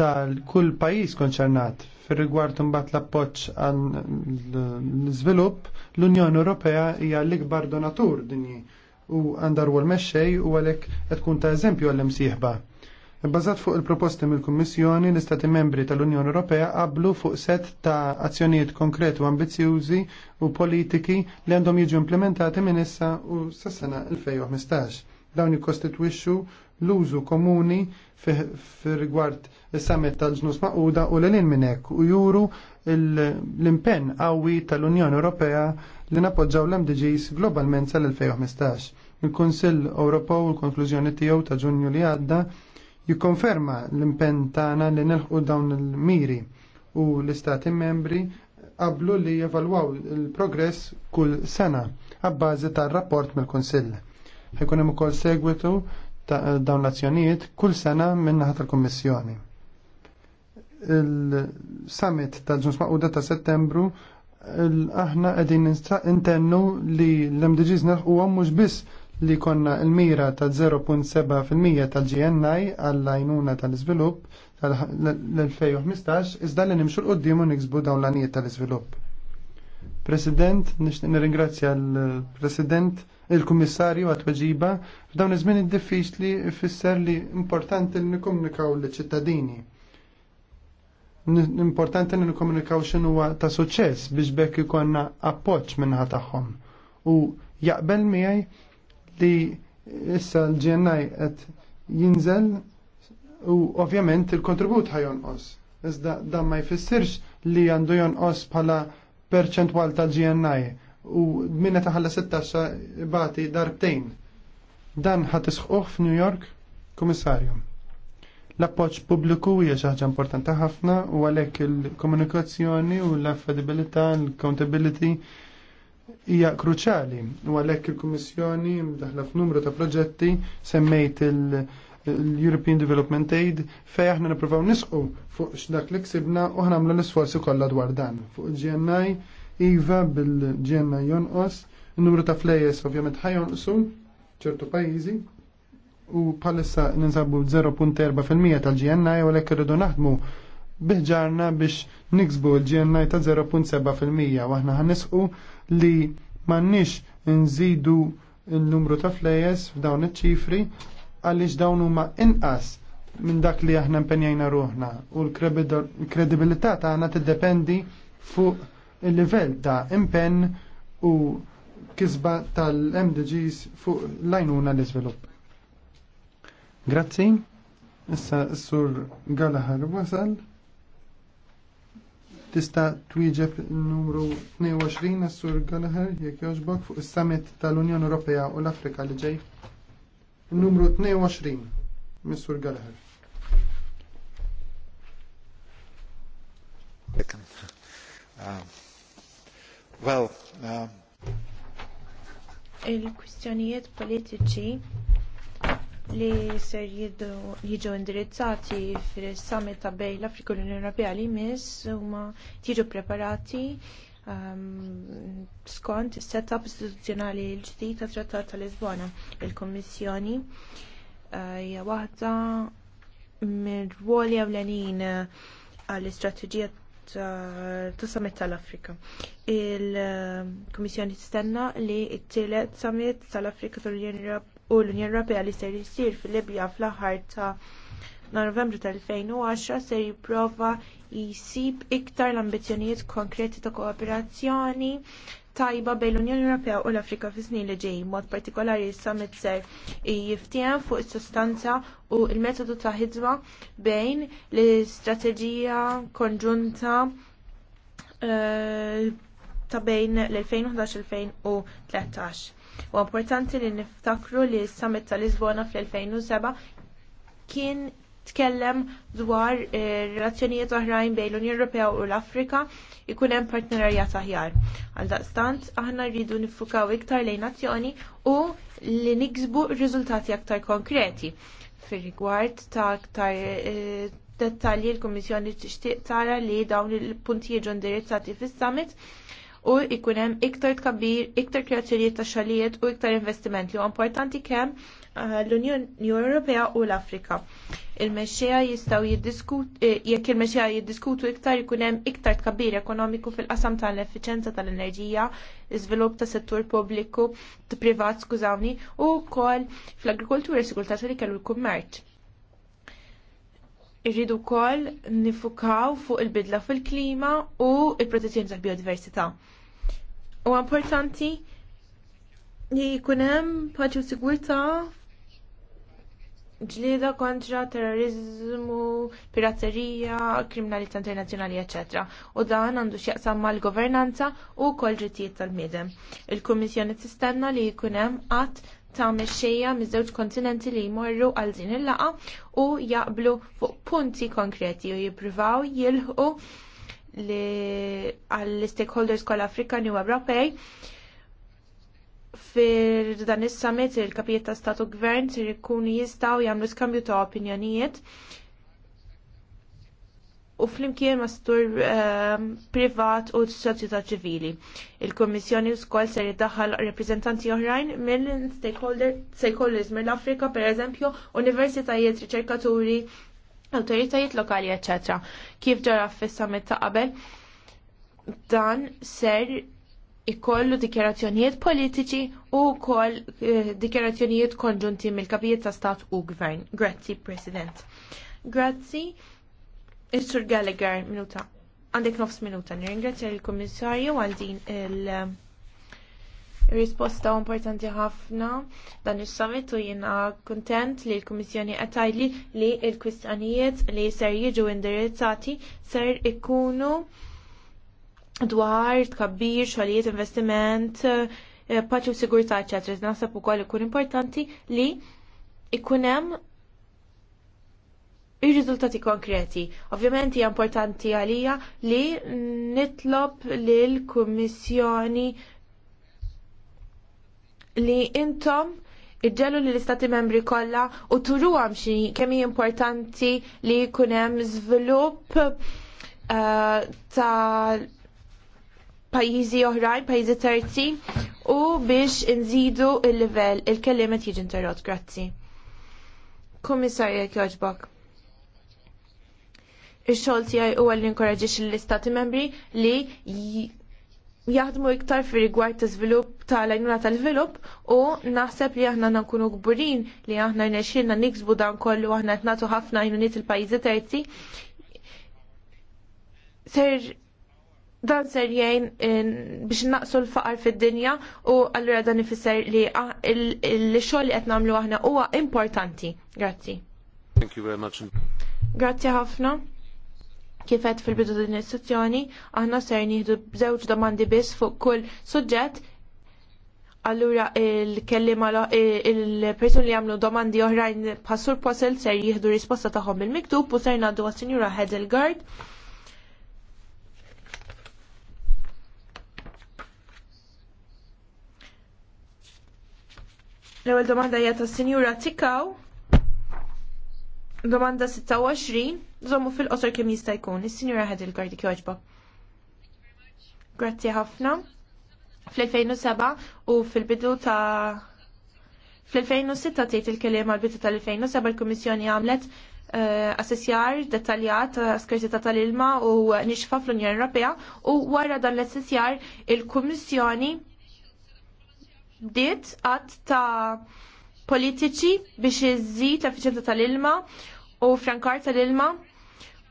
tal-kull pajjiż konċernat fir rigward imbagħad l-appoġġ għall-iżvilupp, l-Unjoni Ewropea hija l-ikbar donatur dinji u għandar l mexxej u għalhekk qed tkun ta' eżempju għal imsieħba Bbażat fuq il-proposti mill-Kummissjoni, l-Istati membri tal-Unjoni Ewropea qablu fuq set ta' azzjonijiet konkret u ambizjużi u politiki li għandhom jiġu implementati minn issa u s sena 2015. Dawn jikkostitwixxu l-użu komuni fil-rigward il-summit tal-ġnus maquda u l għalin minnek u juru l-impenn qawwi tal-Unjoni Ewropea li napoġġaw l-MDGs globalment sal-2015. Il-Kunsill Ewropew u l-konklużjoni tiegħu ta' Ġunju li għadda jikkonferma l-impenn tagħna li nelħqu dawn il-miri u l-istati membri qablu li jevalwaw il-progress kull sena għabbażi tar-rapport mill-Kunsill. Ħajkun hemm ukoll segwitu dawn l-azzjonijiet kull sena minn naħat tal-Kommissjoni. Il-summit tal ġunsma u ta' settembru aħna qegħdin intennu li l-MDGs u mhux biss li konna il-mira ta' 0.7% tal-GNI għall-għajnuna tal izvilup tal-2015 iżda li nimxu l-qoddimu niksbu dawn l-għanijiet tal izvilup President, nirringrazzja l-President il-Kummissarju għat weġiba f'dawn iż-żmien diffiċli fisser li importanti li nikkomunikaw liċ-ċittadini. Importanti li nikkomunikaw x'inhu ta' suċċess biex bekk ikonna appoġġ minnaħa tagħhom. U jaqbel miegħi li issa l-GNI qed jinżel u ovvjament il-kontribut ħajonqos. Iżda dan ma jfissirx li għandu jonqos bħala perċentwal tal-GNI u minna taħalla 16 bati darbtejn. Dan ħat isħuħ f'New York, komissarju. L-appoċ pubbliku hija xi ħaġa importanti ħafna u għalhekk il-komunikazzjoni u l-affedibilità, l-accountability hija kruċjali u għalhekk il-Kummissjoni mdaħla f'numru ta' proġetti semmejt il- l-European Development Aid fej aħna nippruvaw nisqu fuq x'dak li ksibna u ħnamlu l-isforzi kollha dwar dan. Fuq il-GNI, IVA bil-GNI jonqos, n-numru ta' flejes ovvjament ħajonqsu ċertu pajjiżi u bħalissa ninsabu 0.4% tal-GNI u l-ek rridu naħdmu biħġarna biex niksbu l-GNI ta' 0.7% u aħna ħanisqu li mannix nżidu il-numru ta' flejes f'dawn iċ-ċifri għaliex dawn huma inqas minn dak li aħna impenjajna ruħna u l-kredibilità tagħna tiddependi fuq il-livell ta' impenn u kisba tal-MDGs fuq lajnuna l-iżvilupp. Grazzi. Issa s-sur Galahar wasal. Tista twieġeb numru 22 s-sur Galahar jekk jogħġbok fuq is-summit tal-Unjoni Ewropea u l-Afrika li ġej Numru 22, Mr. Gallagher. Uh, well, um, Il-kwistjonijiet politiċi li ser jiġu indirizzati fil-summit ta' bej l-Afrika l-Unjoni Ewropea li jmiss huma tiġu preparati um, skont is-setup istituzzjonali l-ġdid tat Trattat ta' Lisbona. Il-Kummissjoni eh, hija uh, waħda mir-ruoli ewlenin eh, għall-istrateġija ta' summit tal-Afrika. Il-Komissjoni tistenna li t-tielet summit tal-Afrika u l-Unjoni Ewropea li ser jisir fil-Libja fl-aħħar ta' novembru tal-2010 se jipprova jsib iktar l-ambizzjonijiet konkreti ta' kooperazzjoni tajba bejn l-Unjoni Ewropea u l-Afrika fi snin li ġej, mod partikolari summit ser jiftiem fuq is-sostanza u l-metodu ta' ħidma bejn l-istrateġija konġunta uh, ta' bejn l-2011-2013. U importanti li niftakru li s-summit ta' Lisbona fl-2007 kien tkellem dwar eh, relazzjonijiet oħrajn bejn l-Unjoni Ewropea u l-Afrika ikun hemm partnerarjat aħjar. Għal daqstant aħna rridu nifukaw iktar lejn azzjoni u li niksbu riżultati aktar konkreti fir-rigward ta' aktar eh, dettalji l-Kummissjoni tixtieq tara li dawn il-punti jiġu indirizzati fis-summit u ikun hemm iktar tkabbir, iktar kreazzjonijiet ta' xalijiet u iktar investiment li huwa importanti kemm eh, l-Unjoni Ewropea u l-Afrika. Il-mexxejja jistgħu jiddiskutu eh, jekk il mexija jiddiskutu iktar ikun hemm iktar tkabbir ekonomiku fil-qasam tal-effiċenza tal-enerġija, iżvilupp ta' settur pubbliku privat, skużawni, u wkoll fl-agrikoltura sigurtà li kellu l-kummerċ. Irridu kol nifukaw fuq il-bidla fil-klima u l protezzjoni tal-biodiversità. Huwa importanti li jkun hemm paċi u ġlieda kontra terrorizmu, piraterija, kriminalità internazzjonali, ecc. U dan għandu x'jaqsam mal-governanza u kol ġrittijiet tal-miedem. Il-Kummissjoni tistenna li jkun hemm ta' mexxejja miż-żewġ kontinenti li jmorru għal din il laqgħa u jaqblu fuq punti konkreti u jippruvaw jilħqu għall-stakeholders kollha Afrikani u Ewropej fir dan is-summit il-kapijiet ta' statu gvern ser ikunu jistgħu jagħmlu skambju ta' opinjonijiet u flimkien ma' stur ehm, privat u s-soċjetà ċivili. Il-Kommissjoni skoll ser jiddaħħal rappreżentanti oħrajn minn stakeholders mill-Afrika, pereżempju, universitajiet, riċerkaturi, awtoritajiet lokali, ecc. Kif ġara fissa ta' qabel, dan ser ikollu dikjerazzjonijiet politiċi u wkoll eh, dikjerazzjonijiet konġunti mill-kapijiet ta' stat u gvern. Grazzi, President. Grazzi. Is-Sur Gallagher, minuta. Għandek nofs minuta. Nirringrazzja il komissarju għal din il- risposta importanti ħafna dan is-summit u jina kuntent li l komissjoni qed tgħidli li l-kwistjonijiet li ser jiġu indirizzati ser ikunu dwar tkabbir, xogħlijiet investiment, eh, paċu u sigurtà, eċetera. Naħseb ukoll ikun importanti li ikun hemm ir-riżultati konkreti. Ovvjament hija importanti għalija li nitlob lil kummissjoni li intom iġġellu li l-istati membri kollha u turu xi kemm hija importanti li jkun hemm żvilupp uh, ta' pajjiżi oħrajn, pajjiżi terzi u biex inżidu il-livell il-kellimet jiġi interrott. Grazzi. Kummissarja Kjoġbok. Ix-xogħol tiegħi huwa li nkoraġġix l-istati membri li jaħdmu iktar fi rigward ta' żvilupp tal-għajnuna tal-żvilupp u naħseb li aħna nkunu gburin li aħna nexxilna niksbu dan kollu aħna qed nagħtu ħafna għajnuniet il-pajjiżi terzi. Ser dan ser jgħin eh, biex naqsu l-faqar fid-dinja u allura dan ifisser li l-xogħol li qed nagħmlu aħna huwa importanti. Grazzi. Thank you very much. Grazzi ħafna kifet fil-bidu din is-sezzjoni, aħna ser nieħdu żewġ domandi biss fuq kull suġġett. Allura il-kellima il-persuni li għamlu domandi oħrajn passur posel ser jieħdu risposta tagħhom bil-miktub u ser ngħaddu għas senjura Hedelgard. L-ewwel domanda hija tas-Sinjura Tikaw. Domanda 26, żommu fil-qosor kemm jista' jkun. Is-Sinjura ħad il-gardi kjoġba. Grazzi ħafna. Fl-2007 u fil-bidu ta' fl-2006 tgħid il-keliem għal bidu tal-2007 l komissjoni għamlet eh, assessjar detaljat skarsità tal-ilma u nixfa fl-Unjoni Ewropea u wara dan l-assessjar il-Kummissjoni bdiet għat ta' politiċi biex iżżid l-effiċenza tal-ilma u frankar tal-ilma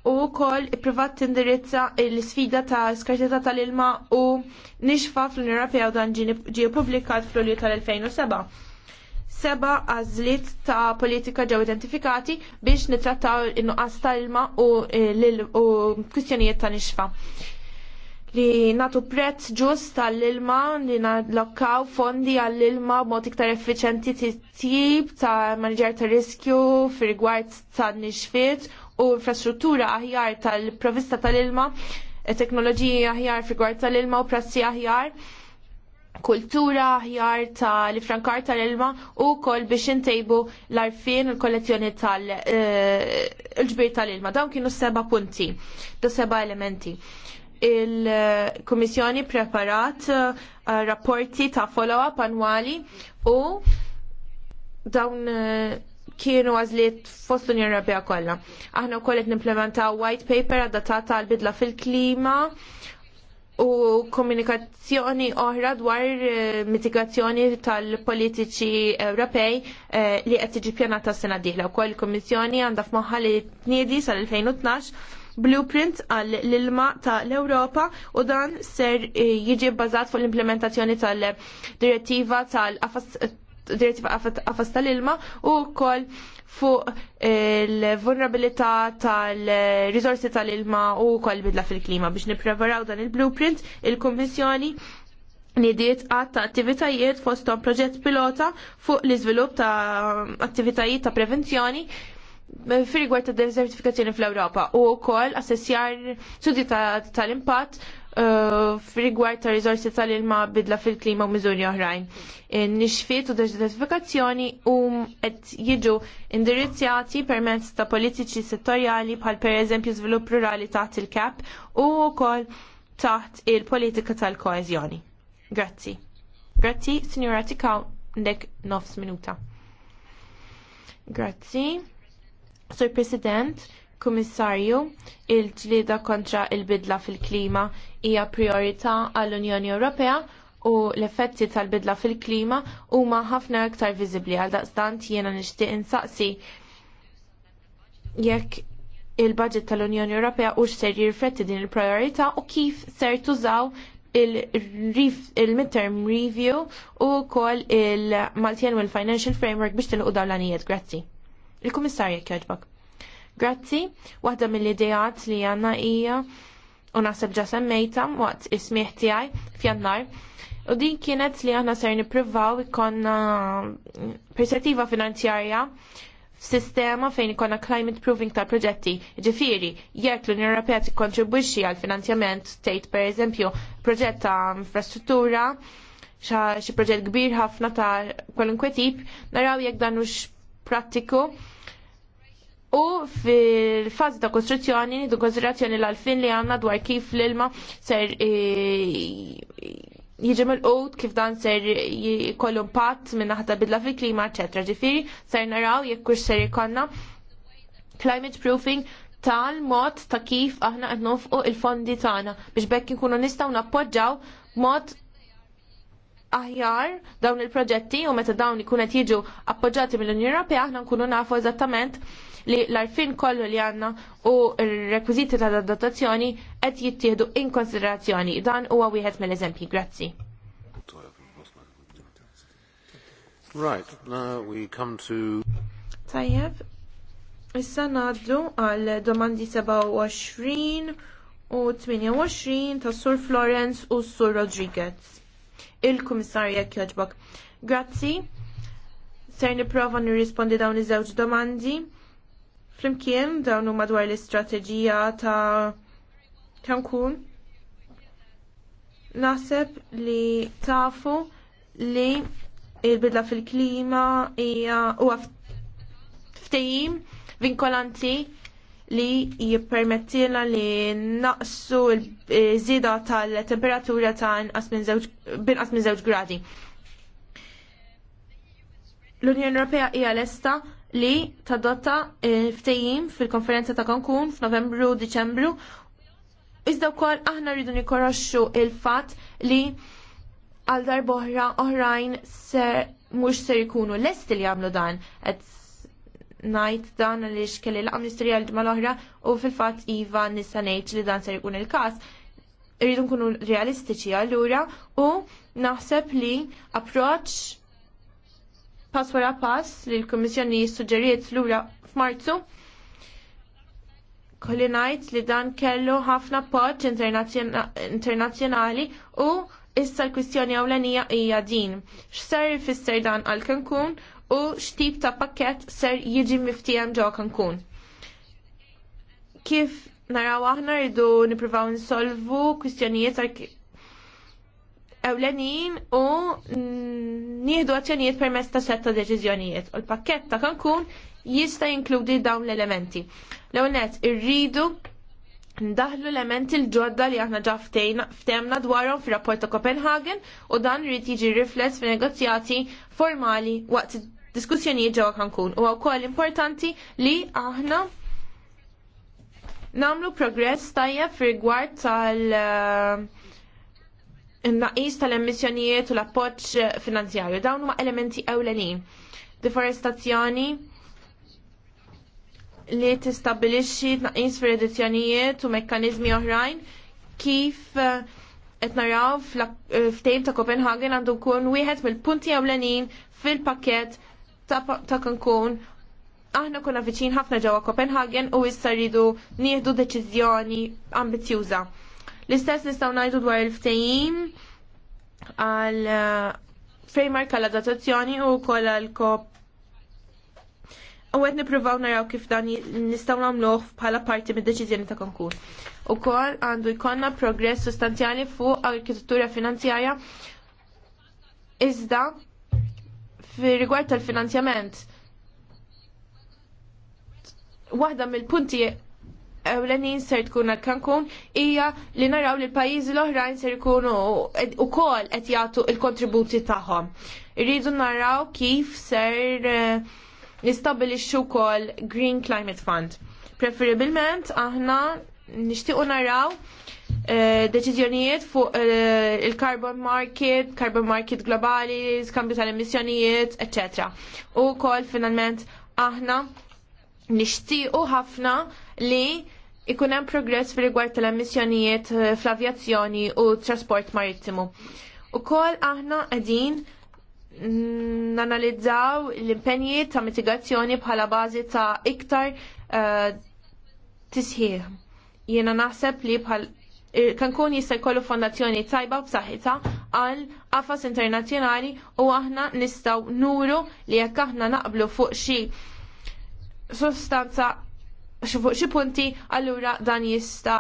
u kol privat tindirizza l-sfida ta' skartita tal-ilma u nixfa fl-Unjoni Ewropea u dan ġie publikat fl-Ulju tal-2007 seba għażliet ta' politika ġew identifikati biex nitrattaw il nuqqas tal-ilma u kwistjonijiet ta' nixfa li natu prezz ġust tal-ilma li nallokkaw fondi għall-ilma b'mod iktar effiċenti tip ta' manager ta' riskju fir-rigward ta' nixfiet u infrastruttura aħjar tal-provista tal-ilma, teknoloġiji aħjar fir-rigward tal-ilma u prassi aħjar kultura ħjar ta' li frankar tal-ilma u kol biex intejbu l-arfin il-kollezzjoni tal-ġbir eh, tal-ilma. Dawn kienu seba punti, do seba elementi il-Kummissjoni preparat uh, rapporti ta' follow-up annwali u dawn uh, kienu għazliet fost l-Unjoni Ewropea kollha. Aħna wkoll qed nimplementaw white paper adattata għal bidla fil-klima u komunikazzjoni oħra dwar eh, mitigazzjoni tal-politiċi Ewropej li qed tiġi pjanata s-sena diħla. Wkoll il-Kummissjoni għandha f'moħħa li tniedi sal-2012 blueprint għall l-ilma ta' l-Europa u dan ser eh, jiġi bbażat fuq l-implementazzjoni tal-direttiva tal-direttiva għafas tal-ilma u kol fuq il-vulnerabilità eh, tal-rizorsi tal-ilma u kol bidla fil-klima biex nipreparaw dan il-blueprint il-Kommissjoni nidiet għat ta' attivitajiet fostom proġett pilota fuq l-izvilup ta' attivitajiet ta' prevenzjoni fil-rigward ta' desertifikazzjoni fl-Ewropa u wkoll assessjar studi tal-impatt uh, f'rigward ta' risorsi tal-ilma bidla fil-klima u miżuri oħrajn. Nixfiet u desertifikazzjoni u qed jiġu indirizzjati permezz ta' politiċi settorjali bħal pereżempju żvilupp rurali taħt il-kap u wkoll taħt il-politika tal koezjoni Grazzi. Grazzi, Signora Tikaw, nek nofs minuta. Grazzi. Sur President, Kummissarju, il-ġlida kontra il-bidla fil-klima hija priorità għall-Unjoni Ewropea u l-effetti tal-bidla fil-klima huma ħafna iktar viżibbli għal daqstant jiena nixtieq insaqsi jekk il-budget tal-Unjoni Ewropea u ser jirfletti din il-priorità u kif ser tużaw il-midterm review u kol il-Maltian u financial Framework biex tilqu dawn l-anijiet. Grazzi. Il-Kummissarja kjoġbok. Grazzi, waħda mill-idejat li għanna hija u naħseb ġa semmejta waqt ismiħ tiegħi f'jannar. U din kienet li aħna ser nippruvaw ikonna perspettiva finanzjarja f'sistema fejn ikonna climate proving tal proġetti. Ġifiri, jekk l-Unjoni Ewropea tikkontribwixxi għal finanzjament tgħid pereżempju proġett ta' infrastruttura, xi proġett kbir ħafna ta' kwalunkwe tip, naraw jekk dan hux prattiku u fil-fazi ta' kostruzzjoni nidu konsiderazzjoni l-alfin li għanna dwar kif l-ilma ser jieġem l qod kif dan ser jikollum pat minn naħta bidla fil-klima, ecc. Ġifiri, ser naraw jekk kux ser jikonna climate proofing tal-mod ta' kif aħna qed nofqu il-fondi tagħna biex bekk inkunu nistgħu nappoġġaw mod aħjar dawn il-proġetti u meta dawn ikun qed jiġu appoġġati mill-Unjoni Ewropea aħna nkunu nafu eżattament li l-arfin kollu li għanna u r-rekwiziti ta' dotazzjoni qed jittieħdu in konsiderazzjoni. Dan huwa wieħed mill-eżempji. Grazzi. Right, now we come to... Tajjeb, issa ngħaddu għal domandi 27 u 28 ta' Sur Florence u Sur Rodriguez il-Kummissarja Kjoġbok. Grazzi, ser niprofa nirrispondi dawn iż-żewġ domandi. Flimkien dawn huma l-istrateġija ta' Cancun. Naseb li tafu li il-bidla fil-klima hija huwa ftehim vinkolanti li jippermettilna li naqsu l-żieda tal-temperatura ta' binqas minn żewġ gradi. L-Unjoni Ewropea hija lesta li tadotta ftejjim fil-konferenza ta' Cancun f'Novembru u Diċembru. Iżda wkoll aħna rridu nikkoroxxu il-fatt li għal darboħra oħrajn mhux ser ikunu lesti li jagħmlu dan qed najt dan li xkelli l mistrija l-ġimma l-oħra u fil-fat Iva nista' ngħid li dan ser ikun il-każ. Rridu nkunu realistiċi allura u naħseb li approċċ pass wara pass li l-Kummissjoni suġġeriet lura f'Marzu kolli ngħid li dan kellu ħafna poċ internazzjonali u issa l-kwistjoni ewlenija hija din. X'ser ifisser dan għal Cancun u x'tip ta' pakket ser jiġi miftijem ġo kankun. Kif naraw aħna rridu nippruvaw nsolvu kwistjonijiet ewlenin u nieħdu azzjonijiet permezz ta' setta deċiżjonijiet. U l-pakket ta' kankun jista' jinkludi dawn l-elementi. L-ewwel nett irridu ndaħlu elementi l-ġodda li aħna ġaf ftemna dwarhom fir-rapport ta' Copenhagen u dan rrid jiġi rifless fin negozjati formali waqt diskussjonijiet ġewwa Cancun u wkoll importanti li aħna namlu progress tajjeb fir-rigward tal- eh, naqis tal-emissjonijiet u l-appoġġ finanzjarju. Dawn huma elementi ewlenin. Deforestazzjoni, li tistabilixxi tnaqis fir-edizzjonijiet u mekkaniżmi oħrajn kif eh, qed naraw eh, ftejm ta' Copenhagen għandu jkun wieħed mill-punti ewlenin fil-pakket ta' Cancun aħna kuna viċin ħafna ġewwa Copenhagen u issa rridu nieħdu deċiżjoni ambizjuża. L-istess nistgħu ngħidu dwar il-ftehim għal eh, framework għal adattazzjoni u wkoll għal kop U għed nipruvaw naraw kif dan nistaw namluħ bħala parti mid deċiżjoni ta' konkur. U kol għandu jkonna progress sustanzjali fuq arkitettura finanzjarja iżda fi rigward tal-finanzjament. Waħda mill-punti ewlenin ser tkun għal Cancun hija li naraw li l-pajjiżi l-oħrajn ser ikunu wkoll qed jagħtu l-kontributi tagħhom. Irridu naraw kif ser eh, nistabilixxu wkoll Green Climate Fund. Preferibilment aħna nixtiequ naraw Eh, deċiżjonijiet fuq eh, il-carbon market, carbon market globali, skambju tal-emissjonijiet, etc. U kol finalment aħna nixtiequ ħafna li ikun hemm progress fil rigward tal-emissjonijiet eh, fl-avjazzjoni u trasport marittimu. U kol aħna qegħdin nanalizzaw l impenjiet ta' mitigazzjoni bħala bażi ta' iktar uh, tisħiħ. Jiena naħseb li bħal Kankun jista' jkollu fondazzjoni tajba b'saħħitha għal qafas internazzjonali u aħna nistgħu nuru li jekk aħna naqblu fuq xi sostanza fuq xi punti allura dan jista'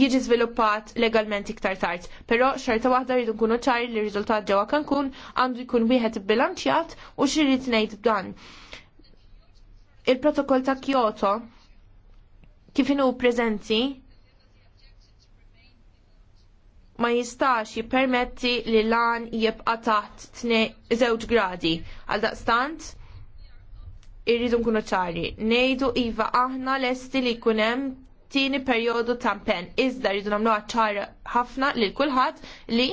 jiġi żviluppat legalment iktar tard. Però xorta waħda rridu nkunu ċari li r-riżultat ġewwa Cancun għandu jkun wieħed bilanċjat u xirrid ngħid dan. Il-protokoll ta' Kyoto kif inhu preżenti ma jistax jippermetti li lan jibqa taħt 2 gradi. Għal daqstant, irridu nkunu ċari. Nejdu iva aħna lesti li kunem tini periodu tampen. Iżda rridu namlu ċara ħafna li kulħadd li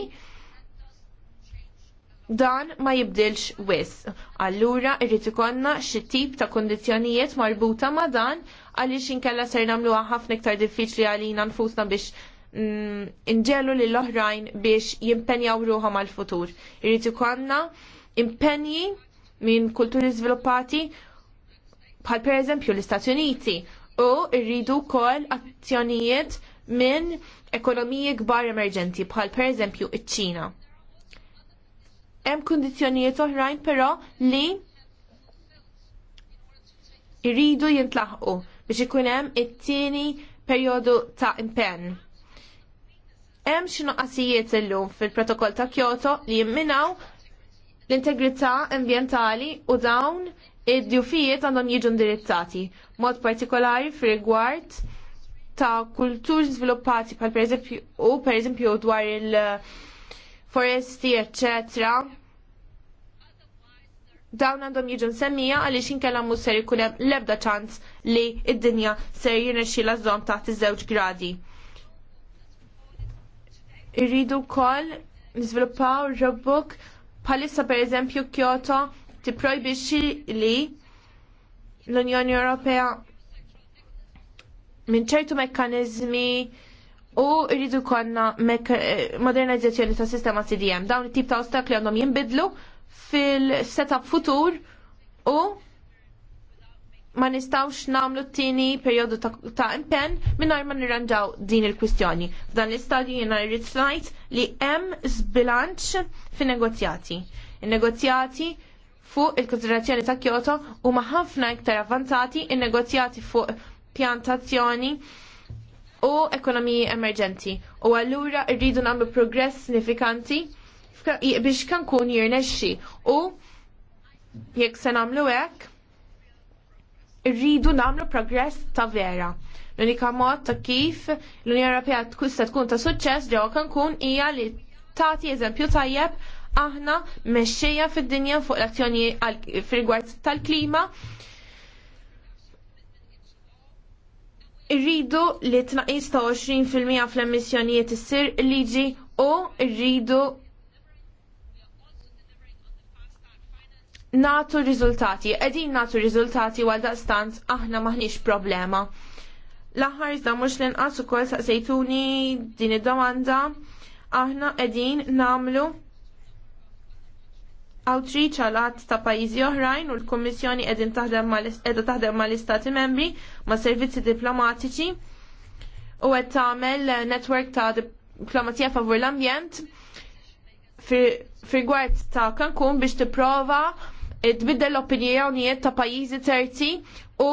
dan ma jibdilx wis. Allura irrid ikonna xi tip ta' kondizzjonijiet marbuta ma' dan għaliex inkella ser nagħmluha ħafna iktar diffiċli għalina nfusna biex Mm, inġelu li l-oħrajn biex jimpenjaw ruħom għal futur Irrid konna impenji minn kulturi żviluppati bħal pereżempju l-Istati Uniti u rridu wkoll azzjonijiet minn ekonomiji kbar emerġenti bħal pereżempju iċ-Ċina. Hemm kundizzjonijiet oħrajn però li irridu jintlaħqu biex ikun hemm it-tieni perjodu ta' impenn Hemm xi noqasijiet illum fil-protokoll ta' Kyoto li jimminaw l-integrità ambjentali u dawn id-djufijiet għandhom jiġu ndirizzati mod partikolari fir-rigward ta' kultur sviluppati pal per eżempju u per eżempju dwar il-foresti, eccetera, dawn għandhom jiġu semmija għaliex inkella mhux ser ikun hemm l-ebda ċans li d-dinja ser jirnexxi l-żomm taħt iż-żewġ gradi irridu wkoll niżviluppaw palissa bħalissa pereżempju Kyoto tipprojbixxi li l-Unjoni Ewropea minn ċertu mekkaniżmi u rridu konna eh, modernizzazzjoni ta' sistema CDM. Dawn it-tip ta' ostakli għandhom jinbidlu fil-setup futur u ma nistawx namlu t-tini periodu ta', ta impen minnar ma nirranġaw din il-kwistjoni. F'dan l-istadju jena rrit snajt li hemm zbilanċ fin negozjati Il-negozjati fuq il-konsiderazzjoni ta' Kyoto u ma ħafna iktar avvanzati il-negozjati fuq pjantazzjoni u ekonomiji emerġenti. U għallura rridu namlu progress sinifikanti biex kankun jirnexxi u jekk se namlu hekk rridu nagħmlu progress ta' vera. L-unika mod ta' kif l-Unjoni Ewropea tista' tkun ta' suċċess ġewwa Cancun hija li tagħti eżempju tajjeb aħna mexxejja fid-dinja fuq l-azzjoni fir rigward tal-klima. Irridu li tnaqis ta' 20% fl-emissjonijiet issir liġi u rridu natu riżultati, edin natu riżultati għal daqstant aħna maħniex problema. L-aħħar iżda mhux l-inqas ukoll saqsejtuni din id-domanda aħna edin namlu outreach għalat ta' pajizi oħrajn u l-Kommissjoni edin taħdem mal-Istati membri ma' servizzi diplomatiċi u għed tagħmel network ta' diplomatija favur l-ambjent fir-gwart ta' Cancun biex tipprova tbiddel l-opinjonijiet ta' pajjiżi terzi u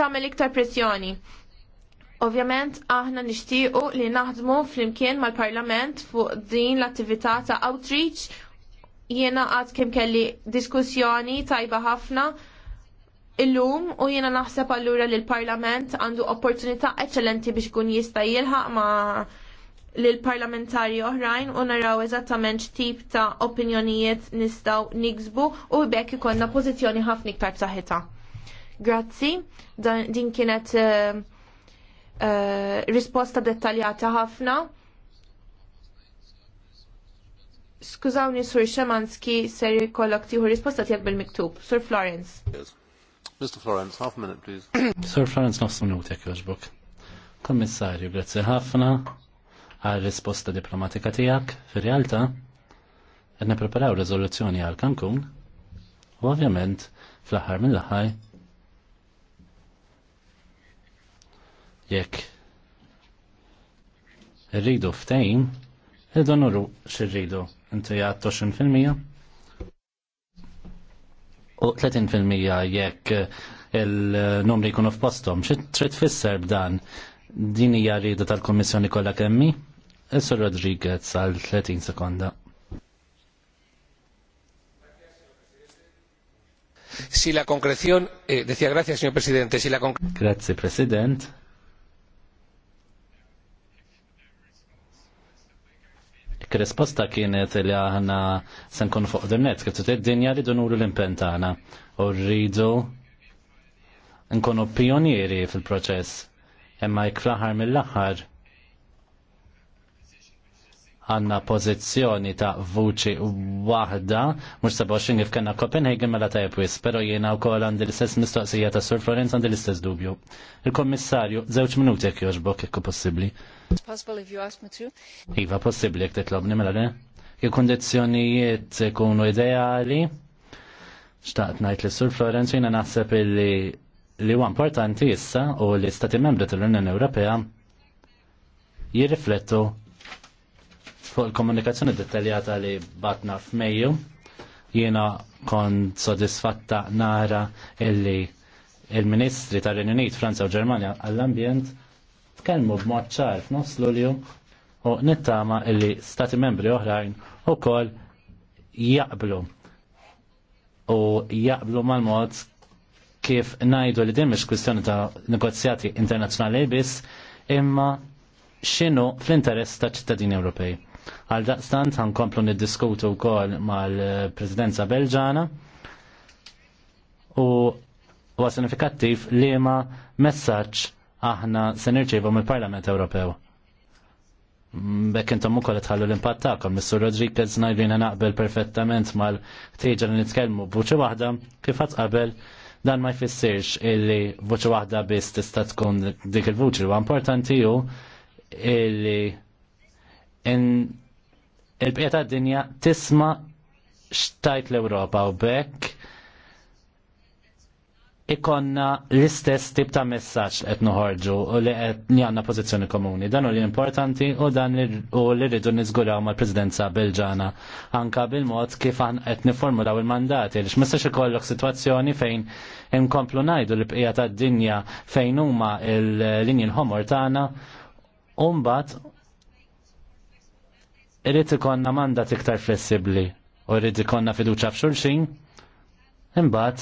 tagħmel iktar pressjoni. Ovvjament aħna nixtiequ li naħdmu flimkien mal-Parlament fuq din l-attività ta' outreach jiena għad kem kelli diskussjoni tajba ħafna illum u jiena naħseb allura li l-Parlament għandu opportunità eccellenti biex kun jista' jilħaq ma' l parlamentari oħrajn u naraw eżattament x'tip ta' opinjonijiet nistgħu niksbu u bekk ikollna pożizzjoni ħafna iktar saħħitha. Grazzi, din kienet uh, uh, risposta dettaljata ħafna. Skużawni Sur Szemanski, ser jkollok tieħu risposta tiegħek bil-miktub. Sur Florence. Yes. Mr. Florence, half a minute, please. Sir Florence, nofs minutek, joġbok. Kommissarju, grazzi ħafna għal risposta diplomatika tijak, fir realta għedna preparaw rezoluzzjoni għal Cancun, u ovvjament, fl-ħar mill-ħaj, jekk irridu ftejn, irridu nurru xirridu, inti għad 20% u 30% jekk il-numri jkunu f'postom. Xi trid tfisser b'dan din hija rida tal kummissjoni kollha kemmi? Esso Rodriguez għal 30 sekonda. Si la concreción, eh, decía gracias, señor presidente, si la Grazie, president. risposta kienet li aħna sen kun fuq dimnet, kif trid dinja rridu nuru l-impentana u rridu nkunu pionieri fil-proċess. Emma jek fl-aħħar mill-aħħar għanna pozizjoni ta' vuċi wahda, mux 27 kif kena Copenhagen mela ta' jepwis, pero jena u kol għandi l-istess mistoqsija ta' Sur Florenz għandi l-istess dubju. Il-kommissarju, zewċ minuti jek joġbok jekku possibli. Iva possibli jek titlobni mela le? Il-kondizjonijiet kunu ideali, xtaqt najt li Sur Florenz jena naħseb li li huwa importanti issa u li stati membri tal-Unjoni Ewropea jirriflettu fuq il-komunikazzjoni dettaljata li batna f'Mejju. Jiena kont sodisfatta nara illi il-Ministri tal renju Unit, Franza u Ġermanja għall-ambjent tkellmu b'mod ċar f'nofs Lulju u nittama illi stati membri oħrajn ukoll jaqblu u jaqblu mal-mod kif najdu li din mhix kwistjoni ta' negozjati internazzjonali biss imma x'inhu fl-interess ta' ċittadini Ewropej. Għal daqstant komplu niddiskutu wkoll mal-Presidenza Belġana u huwa sinifikattiv li ma messaġġ aħna se nirċievu mill-Parlament Ewropew. Bekk intom ukoll tħallu l-impatt tagħkom, Mr. Rodriguez najdina naqbel perfettament mal-ħtieġa li nitkellmu b'vuċi waħda kif qabel dan ma jfissirx illi voċi waħda biss tista' tkun dik il-vuċi huwa importanti hu illi il-bqija tad dinja tisma xtajt l-Ewropa u bekk ikonna l-istess tip ta' messaġġ qed noħorġu u li qed li għandna pożizzjoni komuni. Dan u li importanti u dan u li rridu niżguraw mal-Presidenza Belġana anka bil-mod kif qed niformulaw il-mandati li x'mistax ikollok sitwazzjoni fejn inkomplu ngħidu li bqija tad-dinja fejn huma l-linji l-ħomor tagħna u mbagħad irrit ikonna mandat iktar flessibbli u irrit ikonna fiduċa f'xulxin, imbagħad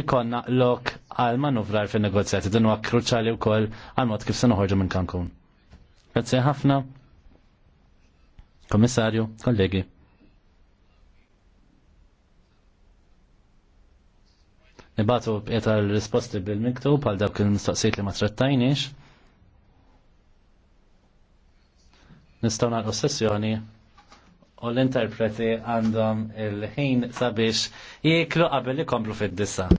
ikonna lok għal manuvrar fin negozjati din huwa kruċjali wkoll għal mod kif se noħorġu minn Cancun. Grazzi ħafna. Kommissarju, kollegi. Nibatu bqiet l risposti bil-miktub għal dawk il-mistoqsijiet li ma trattajniex. nistgħu nagħlqu sessjoni u l-interpreti għandhom il-ħin sabiex jieklu qabel ikomplu fid-disa.